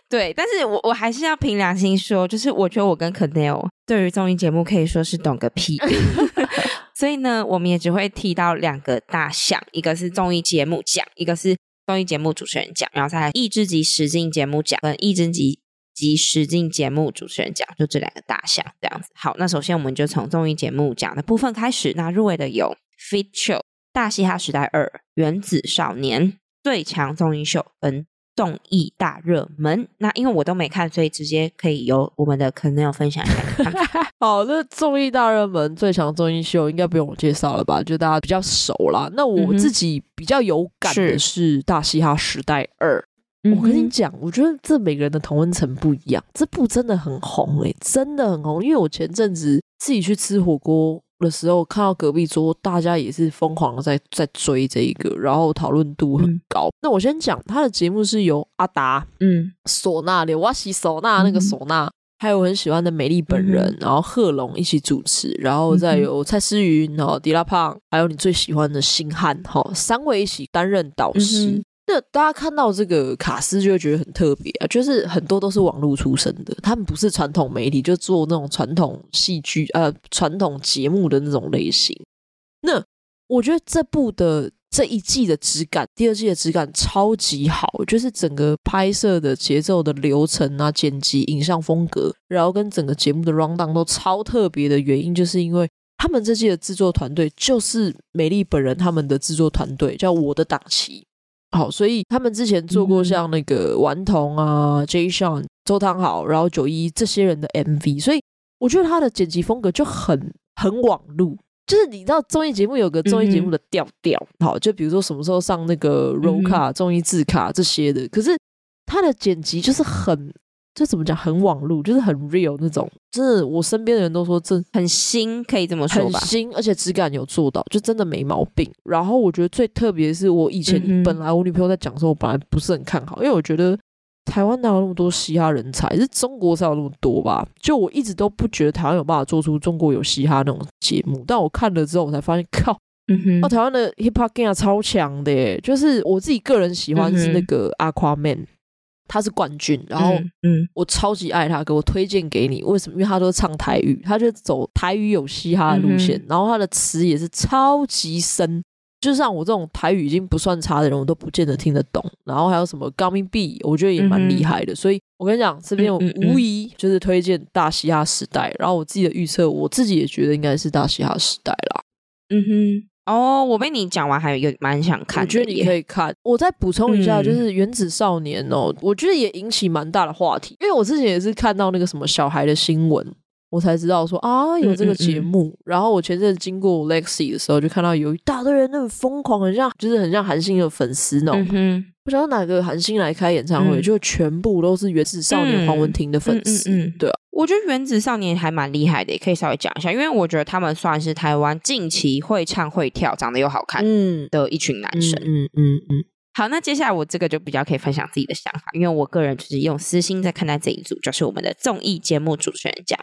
對，但是我我還是要憑良心說，就是我覺得我跟 Quennel 對於綜藝節目可以說是懂個屁， 所以呢，我們也只會提到兩個大項，一個是綜藝節目獎，一個是綜藝節目主持人獎，然後再來益智及實境節目獎跟益智及。及實境節目主持人獎，就這兩個大項這樣子。好，那首先我們就從綜藝節目獎的部分開始。那入圍的有《Fit Show》《大嘻哈時代二》《原子少年》《最強綜藝秀》跟《綜藝大熱門》。那因為我都沒看，所以直接可以由我們的 Quennel 分享一下。 好，那《綜藝大熱門》《最強綜藝秀》應該不用我介紹了吧？就大家比較熟啦。那我自己比較有感的是《大嘻哈時代二》。我跟你講，嗯、哼我覺得這每個人的同溫層不一樣。這部真的很紅哎、欸，真的很紅。因為我前陣子自己去吃火鍋的時候，看到隔壁桌大家也是瘋狂的在在追這一個，然後討論度很高。嗯、那我先講，他的節目是由阿達、嗯，索娜劉瓦西索娜、嗯、哼那個索娜，還有我很喜歡的美麗本人，嗯、哼然後賀龍一起主持，然後再有蔡思芸，然後迪拉胖，還有你最喜歡的星漢哈三位一起擔任導師。嗯大家看到這個卡司就會覺得很特別啊，就是很多都是網絡出身的，他們不是傳統媒體，就做那種傳統戲劇呃傳統節目的那種類型。那我覺得這部的這一季的質感，第二季的質感超級好，就是整個拍攝的節奏的流程啊，剪輯、影像風格，然後跟整個節目的 rundown 都超特別的原因，就是因為他們這季的制作團隊就是美麗本人，他們的制作團隊叫我的檔期。好，所以他們之前做過像那個頑童啊、mm hmm. Jay Sean、周湯豪，然後九一這些人的 MV，所以我覺得他的剪輯風格就很很網路，就是你知道綜藝節目有個綜藝節目的調調，mm hmm。好，就比如說什麼時候上那個 ROCA 綜藝字卡這些的，可是他的剪輯就是很。這怎麼講？很網路，就是很 real 那種。真的，我身邊的人都說這很新，可以這麼說吧。很新，而且質感有做到，就真的沒毛病。然後我覺得最特別的是，我以前、嗯、哼本來我女朋友在講的時候，我本來不是很看好，因為我覺得台灣哪有那麼多嘻哈人才？是中國才有那麼多吧？就我一直都不覺得台灣有辦法做出中國有嘻哈那種節目。但我看了之後，我才發現，靠！那、嗯哼哦、台灣的 hip hop game 啊，超強的耶，就是我自己個人喜歡是那個 Aquaman、嗯。他是冠軍，然後嗯，我超級愛他，給我推薦給你。為什麼？因為他都唱台語，他就走台語有嘻哈的路線，嗯、哼然後他的詞也是超級深，就像我這種台語已經不算差的人，我都不見得聽得懂。然後還有什麼 Gummy Bee，我覺得也蠻厲害的。嗯、哼所以我跟你講，這邊我無疑就是推薦大嘻哈時代。然後我自己的預測，我自己也覺得應該是大嘻哈時代啦。嗯哼。哦，oh, 我被你講完，還有一個蠻想看的，我覺得你可以看。我再補充一下，就是《原子少年》喔，哦，嗯，我覺得也引起蠻大的話題，因為我之前也是看到那個什麼小孩的新聞。我才知道說啊，有這個節目。嗯嗯嗯，然後我前陣子經過 Legacy 的時候，就看到有一大堆人，很瘋狂，很像，就是很像韓星的粉絲呢。嗯、哼不知道哪個韓星來開演唱會，嗯、就全部都是原子少年黃文婷的粉絲。對，我覺得原子少年還蠻厲害的，可以稍微講一下，因為我覺得他們算是台灣近期會唱會跳、長得又好看的一群男生。嗯嗯，嗯嗯嗯。好，那接下來我這個就比較可以分享自己的想法，因為我個人就是用私心在看待這一組，就是我們的綜藝節目主持人獎。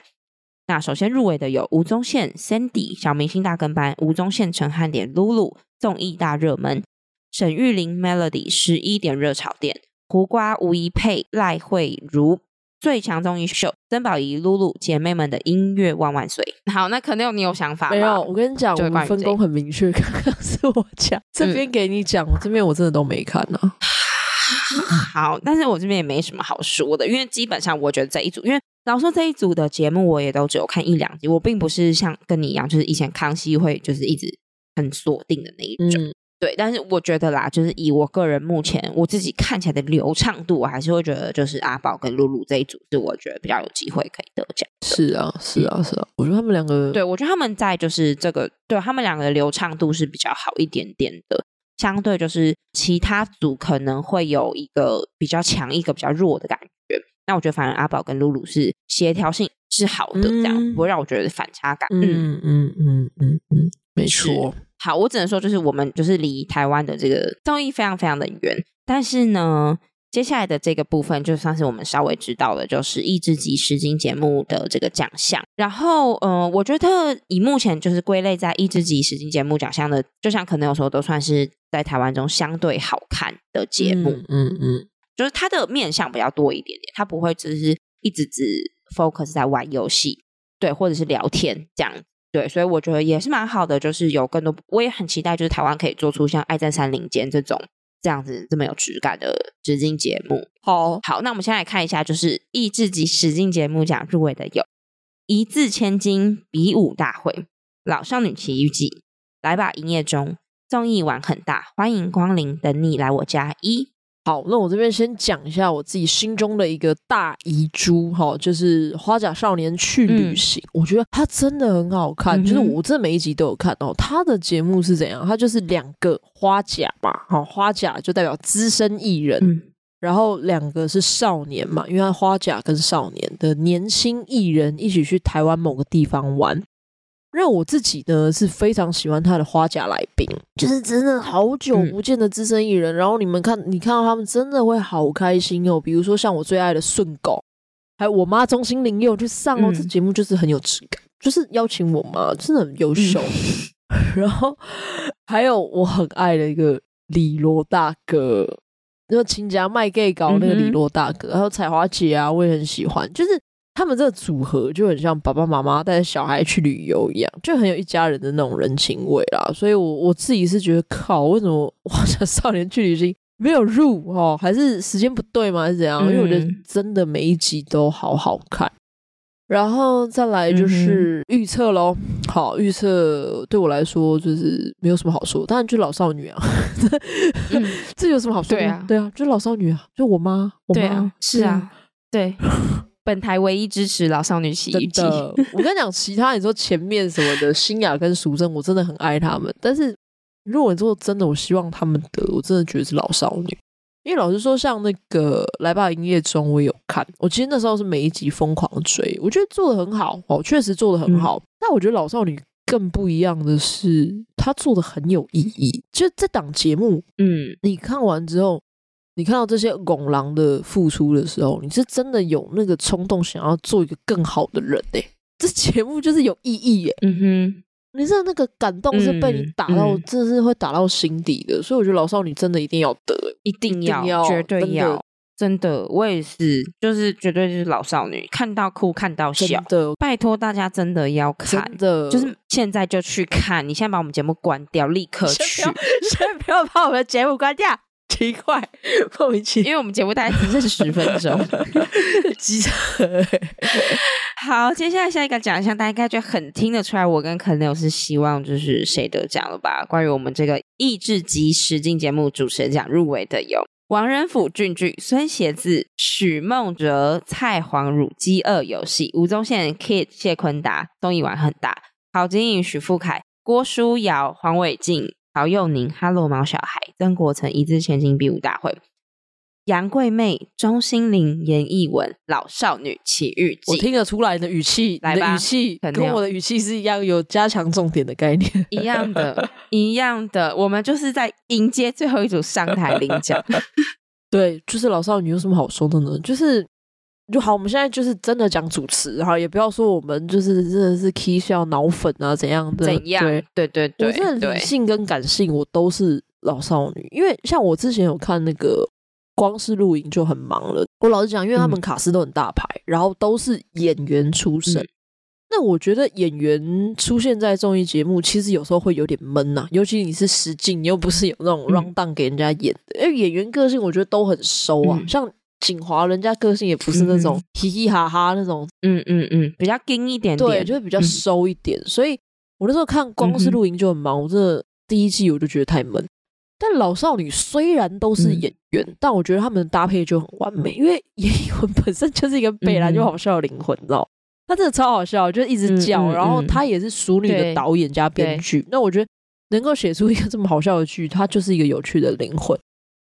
那首先入圍的有吳宗憲、Sandy、小明星大跟班、吳宗憲、陳漢典、Lulu、綜藝大熱門、沈玉琳 Melody、十一點熱炒店、胡瓜、吳怡佩、賴慧如、最強綜藝秀、曾寶儀、Lulu 姐妹們的音樂萬萬歲。好，那可能有你有想法？沒有，我跟你講，我們分工很明確，剛剛是我講，這邊給你講，嗯、我這邊我真的都沒看呢、啊。 好，但是我這邊也沒什麼好說的，因為基本上我覺得這一組，因為。老實說，這一組的節目我也都只有看一兩集，我並不是像跟你一樣，就是以前康熙會就是一直很鎖定的那一種。嗯、對，但是我覺得啦，就是以我個人目前我自己看起來的流暢度，我還是會覺得就是阿寶跟露露這一組是我覺得比較有機會可以得獎。是啊，是啊，是啊，我覺得他們兩個，對，我覺得他們在就是這個，對，他們兩個的流暢度是比較好一點點的，相對就是其他組可能會有一個比較強，一個比較強，一個比較弱的感覺。那我覺得，反正阿寶跟露露是協調性是好的，這樣、嗯、不會讓我覺得反差感。嗯嗯嗯嗯嗯，嗯，嗯，沒錯。好，我只能說，就是我們就是離台灣的這個綜藝非常非常的遠。但是呢，接下來的這個部分，就算是我們稍微知道的，就是益智及實境節目的這個獎項。然後，呃，我覺得以目前就是歸類在益智及實境節目獎項的，就像可能有時候都算是在台灣中相對好看的節目。嗯嗯。嗯嗯就是他的面相比較多一點點，他不會只是一直只 focus 在玩遊戲，對，或者是聊天這樣。對，所以我覺得也是蠻好的，就是有更多，我也很期待，就是台灣可以做出像《愛在山林間》這種這樣子這麼有質感的實境節目。好，好，那我們先來看一下，就是益智及實境節目獎入圍的有《一字千金比武大會》、《老少女奇遇記》、《來吧營業中》、《綜藝玩很大》、《歡迎光臨等你來我家》一。好，那我這邊先講一下我自己心中的一個大遺珠，哈、哦，就是《花甲少年去旅行》嗯。我覺得它真的很好看，嗯、哼就是我這每一集都有看哦。它的節目是怎樣？它就是兩個花甲吧，哈、哦，花甲就代表資深藝人，嗯、然後兩個是少年嘛，因為花甲跟少年的年輕藝人一起去台灣某個地方玩。因為我自己呢是非常喜歡他的花甲來賓，嗯、就是真的好久不見的資深藝人。嗯、然後你們看，你看到他們真的會好開心哦。比如說像我最愛的順狗，還有我媽鍾欣凌又去上了，哦嗯、這節目就是很有質感，就是邀請我媽真的很優秀。嗯、 然後還有我很愛的一個李羅大哥，那個親家賣 gay 搞那個李羅大哥，嗯、哼然後彩樺姐啊，我也很喜歡，就是。他們這個組合就很像爸爸媽媽帶着小孩去旅遊一樣，就很有一家人的那種人情味啦。所以我，我我自己是覺得，靠，為什麼《我家少年去旅行》沒有入哦，還是時間不對嗎？還是怎樣？嗯、因為我覺得真的每一集都好好看。然後再來就是預測嘍。嗯、哼好，預測對我來說就是沒有什麼好說，當然就是老少女啊。這、 嗯、有什麼好說的啊？對啊，就是老少女啊，就我媽，我媽、啊、是啊，對。 本台唯一支持老少女洗衣的。我跟你講，其他你說前面什麼的，新 雅跟淑珍，我真的很愛他們。但是，如果你說真的，我希望他們得，我真的覺得是老少女。因為老實說，像那個《來吧營業中》，我也有看，我其實那時候是每一集瘋狂追，我覺得做的很好哦，確實做的很好。我很好嗯、但我覺得老少女更不一樣的是，他做的很有意義。就這檔節目，嗯，你看完之後，你看到這些公狼的付出的時候，你是真的有那個衝動想要做一個更好的人嘞，欸，這節目就是有意義耶，欸！嗯哼，你知道那個感動是被你打到，嗯、真的是會打到心底的。嗯、所以我覺得老少女真的一定要得，一定要，一定要絕對的要，真的，我也是，是就是絕對是老少女，看到哭看到笑，真的拜託大家真的要看，真的就是現在就去看。你現在把我們節目關掉，立刻去，所以不，不要把我們的節目關掉。奇怪，莫名其妙，因為我們節目大概只剩十分鐘，急、 欸。好，接下來下一個獎項，大家應該就很聽得出來，我跟 Ken 是希望就是誰得獎了吧？關於我們這個益智及實境節目主持人獎入圍的有王仁甫、俊俊、孫協志、許孟哲、蔡黃汝、飢餓遊戲、吳宗憲、Kid 謝坤達、綜藝玩很大、郝景瑩、許富凱、郭書瑤、黃偉晉。曹佑寧、Hello 毛小孩、曾國城、一字千金比武大會、楊貴媚、鍾欣凌、嚴藝文、老少女奇遇記，我聽得出來的語氣，來吧，你的語氣肯定跟我的語氣是一樣，有加強重點的概念， 一樣的，一樣的，我們就是在迎接最後一組上台領獎。 對，就是老少女有什麼好說的呢？就是。就好，我們現在就是真的講主持哈，也不要說我們就是真的是 K 笑、腦粉啊，怎樣的？怎樣？對，對對對，我真的是理性跟感性，對我都是老少女。因為像我之前有看那個，光是錄影就很忙了。我老實講，因為他們卡司都很大牌，嗯、然後都是演員出身。嗯、那我覺得演員出現在綜藝節目，其實有時候會有點悶吶、啊，尤其你是實境，你又不是有那種 run down 給人家演的，嗯、因為演員個性我覺得都很收啊，嗯、像。錦華人家個性也不是那種嘻嘻哈哈那種嗯，嗯嗯嗯，嗯比較精一,一點，對、嗯，就是比較收一點。所以，我那時候看光是錄音就很忙，我這第一季我就覺得太悶。但老少女雖然都是演員，嗯、但我覺得他們的搭配就很完美，因為嚴藝文本身就是一個本來就好笑的靈魂，你、嗯、知道？他真的超好笑，就是一直叫，嗯嗯、然後他也是熟女的導演加編劇，那我覺得能夠寫出一個這麼好笑的劇，他就是一個有趣的靈魂。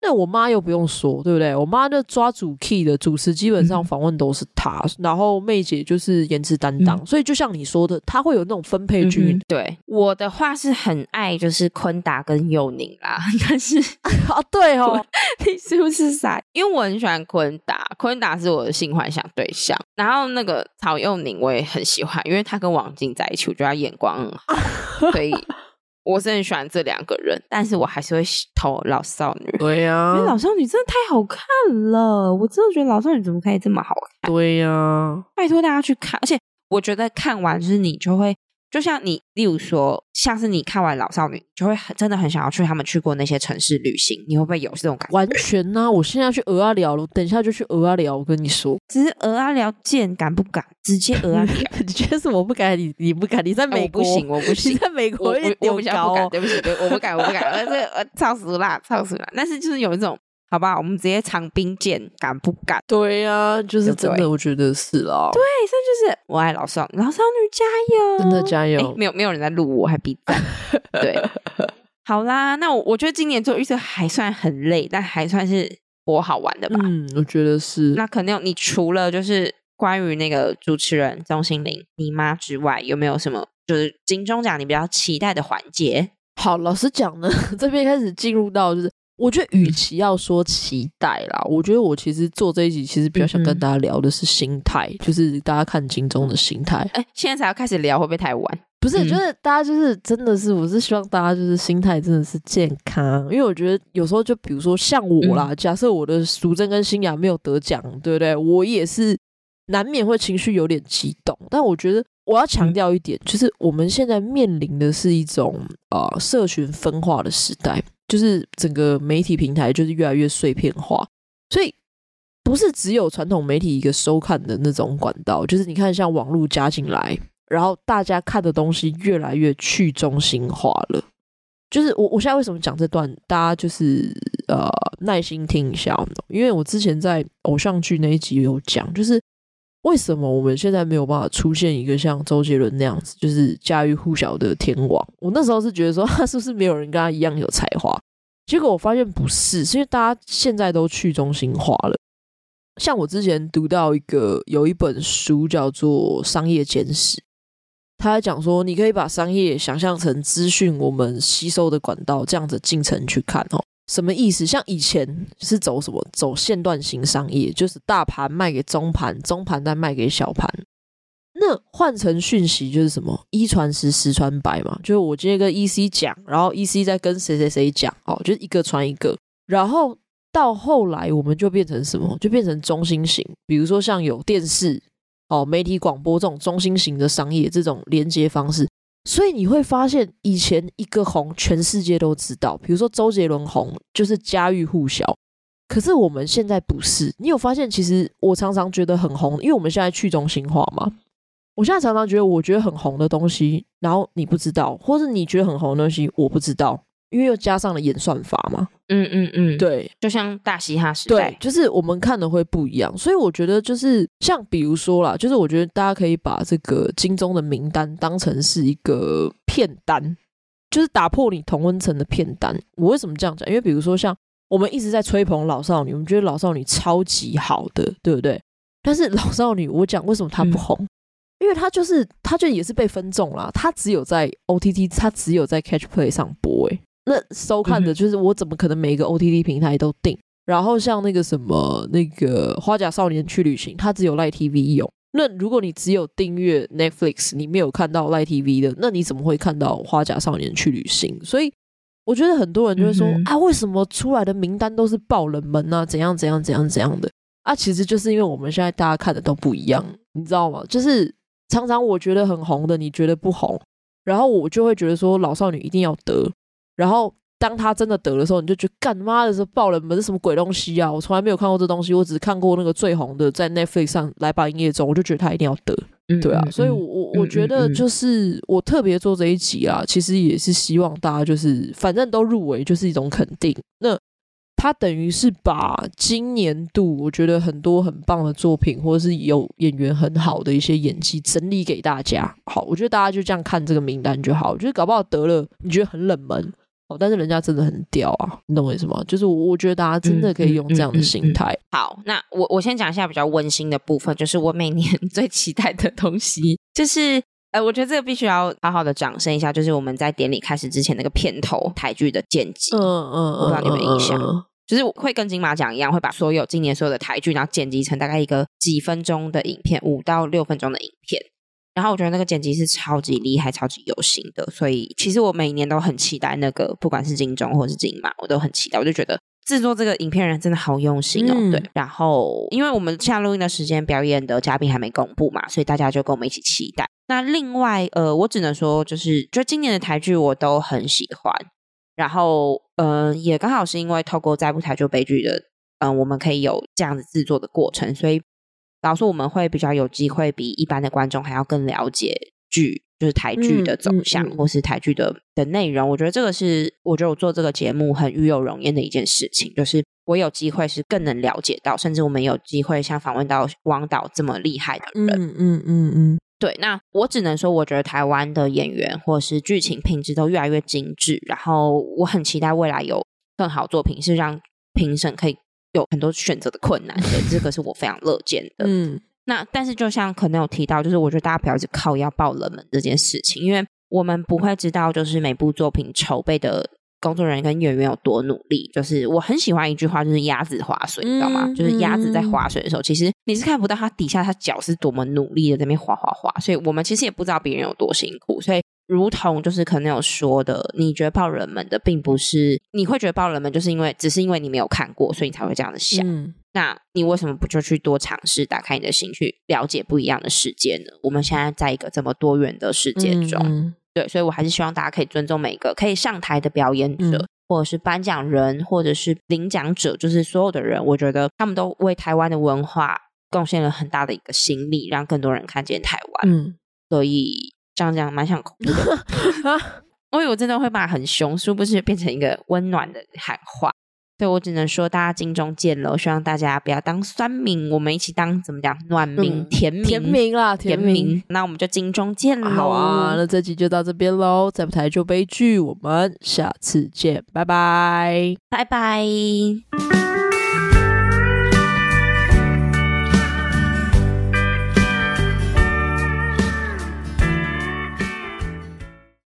那我媽又不用說，對不對？我媽就抓主 key 的主持，基本上訪問都是她，嗯、然後妹姐就是顏值擔當，嗯、所以就像你說的，她會有那種分配劇。嗯、對我的話是很愛，就是坤達跟佑寧啦。但是哦、啊，對哦，你是不是傻？因為我很喜歡坤達，坤達是我的性幻想對象。然後那個曹佑寧我也很喜歡，因為他跟王淨在一起，我覺得他眼光很好，所 以。我是很喜歡這兩個人，但是我還是會投老少女。對呀、啊，因為老少女真的太好看了，我真的覺得老少女怎麼可以這麼好看？對呀、啊，拜託大家去看，而且我覺得看完就是你就會。就像你，例如說，像是你看完《老少女》，就會很真的很想要去他們去過那些城市旅行，你會不會有這種感覺？完全呢、啊！我現在要去俄阿聊了，等一下就去俄阿聊。我跟你說，只是俄阿聊見敢不敢直接俄阿聊？ 你覺得什麼不敢？你你不敢？你在美國、啊、我不行，我不行，你在美國我不我比較、哦、不，不敢。對不起，對，我不敢，我不敢。呃，超時啦，超時啦。但是就是有一種。好吧，我們直接藏兵劍，敢不敢？對呀、啊，就是真的，我覺得是哦、啊。對，這就是我愛老少老少女加油，真的加油！欸、沒有沒有人在錄我，還比讚 對， 好啦，那我我覺得今年做預測還算很累，但還算是我好玩的吧。嗯，我覺得是。那可能，你除了就是關於那個主持人鍾欣凌、你媽之外，有沒有什麼就是金鐘獎你比較期待的環節？好，老實講呢，這邊開始進入到就是。我覺得，與其要說期待啦，嗯、我覺得我其實做這一集，其實比較想跟大家聊的是心態，嗯嗯，就是大家看金鐘的心態。誒、欸、現在才要開始聊，會不會太晚？不是，嗯、就是大家就是真的是，我是希望大家就是心態真的是健康，因為我覺得有時候就比如說像我啦，嗯、假設我的淑珍跟新雅沒有得獎，對不對？我也是難免會情緒有點激動，但我覺得。我要強調一點，就是我們現在面臨的是一種啊、呃、社群分化的時代，就是整個媒體平台就是越來越碎片化，所以不是只有傳統媒體一個收看的那種管道，就是你看像網絡加進來，然後大家看的東西越來越去中心化了。就是我我現在為什麼講這段，大家就是呃耐心聽一下，嗯，因為我之前在偶像劇那一集有講，就是。為什麼我們現在沒有辦法出現一個像周杰倫那樣子，就是家喻戶曉的天王？我那時候是覺得說，他是不是沒有人跟他一樣有才華？結果我發現不是，是因為大家現在都去中心化了。像我之前讀到一個有一本書叫做《商業簡史》，他還講說，你可以把商業想象成資訊我們吸收的管道這樣子進程去看哦。什麼意思？像以前就是走什麼？走線段型商業，就是大盤賣給中盤，中盤再賣給小盤。那換成訊息就是什麼？一傳十，十傳百嘛。就是我今天跟 EC 講，然後 EC 再跟誰誰誰講，哦，就是一個傳一個。然後到後來，我們就變成什麼？就變成中心型，比如說像有電視、哦媒體廣播這種中心型的商業，這種連接方式。所以你會發現，以前一個紅全世界都知道，比如說周杰倫紅就是家喻戶曉。可是我們現在不是，你有發現？其實我常常覺得很紅，因為我們現在去中心化嘛。我現在常常覺得，我覺得很紅的東西，然後你不知道，或是你覺得很紅的東西，我不知道。因為又加上了演算法嘛，嗯嗯嗯，對，就像大嘻哈時代，對，就是我們看的會不一樣，所以我覺得就是像比如說啦，就是我覺得大家可以把這個金鐘的名單當成是一個片單，就是打破你同溫層的片單。我為什麼這樣講？因為比如說像我們一直在吹捧老少女，我們覺得老少女超級好的，對不對？但是老少女，我講為什麼她不紅？嗯、因為她就是她就也是被分眾啦、啊。她只有在 OTT，她只有在 Catch Play 上播、欸，哎。那收看的，就是我怎麼可能每一個 OTT 平台都訂？然後像那個什麼那個《花甲少年去旅行》，它只有 LINE TV 有。那如果你只有訂閱 Netflix，你沒有看到 LINE TV 的，那你怎麼會看到《花甲少年去旅行》？所以我覺得很多人就會說：“啊，為什麼出來的名單都是爆冷門呢？怎樣怎樣怎樣怎樣的？”啊，其實就是因為我們現在大家看的都不一樣，你知道嗎？就是常常我覺得很紅的，你覺得不紅，然後我就會覺得說老少女一定要得。然後當他真的得的時候，你就覺得幹嘛的時候爆冷門是什麼鬼東西啊？我從來沒有看過這東西，我只看過那個最紅的在 Netflix 上來把營業中，我就覺得他一定要得，嗯、對啊。嗯、所以我，我我、嗯、我覺得就是、嗯、我特別做這一集啊，嗯、其實也是希望大家就是反正都入圍就是一種肯定。那他等於是把今年度我覺得很多很棒的作品，或者是有演員很好的一些演技整理給大家。好，我覺得大家就這樣看這個名單就好。我覺得搞不好得了，你覺得很冷門。哦，但是人家真的很屌啊！你懂我意思嗎？就是我，我覺得大家真的可以用這樣的心態。嗯嗯嗯嗯嗯、好，那我我先講一下比較溫馨的部分，就是我每年最期待的東西， 就是呃，我覺得這個必須要好好的掌聲一下，就是我們在典禮開始之前那個片頭台劇的剪輯、嗯。嗯嗯，我不知道你有沒有印象？嗯嗯嗯嗯、就是我會跟金馬獎一樣，會把所有今年所有的台劇，然後剪輯成大概一個幾分鐘的影片，五到六分鐘的影片。然後我覺得那個剪輯是超級厲害、超級用心的，所以其實我每年都很期待那個，不管是金鐘或是金馬，我都很期待。我就覺得製作這個影片人真的好用心哦。嗯、對，然後因為我們下錄音的時間，表演的嘉賓還沒公布嘛，所以大家就跟我們一起期待。那另外，呃，我只能說就是，就今年的台劇我都很喜歡。然後，嗯、呃，也剛好是因為透過在再不台就悲劇的，嗯、呃，我們可以有這樣子制作的過程，所以。導致我們會比較有機會，比一般的觀眾還要更了解劇，就是台劇的走向，嗯嗯、或是台劇的的內容。我覺得這個是，我覺得我做這個節目很與有榮焉的一件事情，就是我有機會是更能了解到，甚至我們有機會像訪問到王導這麼厲害的人。嗯嗯嗯嗯，嗯嗯嗯對。那我只能說，我覺得台灣的演員或是劇情品質都越來越精緻，然後我很期待未來有更好作品，是讓評審可以。有很多選擇的困難，所以這個是我非常樂見的。嗯，那但是就像可能有提到，就是我覺得大家不要去靠要爆冷門這件事情，因為我們不會知道就是每部作品籌備的工作人員跟演員有多努力。就是我很喜歡一句話，就是鴨子划水，你知道嗎？嗯、就是鴨子在划水的時候，嗯、其實你是看不到它底下它腳是多麼努力的在那邊滑滑滑。所以我們其實也不知道別人有多辛苦，所以。如同就是可能有說的，你覺得爆冷門的，並不是你會覺得爆冷門，就是因為只是因為你沒有看過，所以你才會這樣的想。嗯、那你為什麼不就去多嘗試，打開你的心，去了解不一樣的世界呢？我們現在在一個這麼多元的世界中，嗯嗯對，所以我還是希望大家可以尊重每一個可以上台的表演者，嗯、或者是頒獎人，或者是領獎者，就是所有的人，我覺得他們都為台灣的文化貢獻了很大的一個心力，讓更多人看見台灣。嗯、所以。這樣講蠻像，我以為我真的會罵很凶，殊不知變成一個溫暖的喊話。對，我只能說大家金鐘見嘍，希望大家不要當酸民，我們一起當怎麼講暖民、甜民、嗯、甜民啦，甜民。甜民。那我們就金鐘見嘍。好啊，那這集就到這邊嘍，再不台就悲劇。我們下次見，拜拜，拜拜。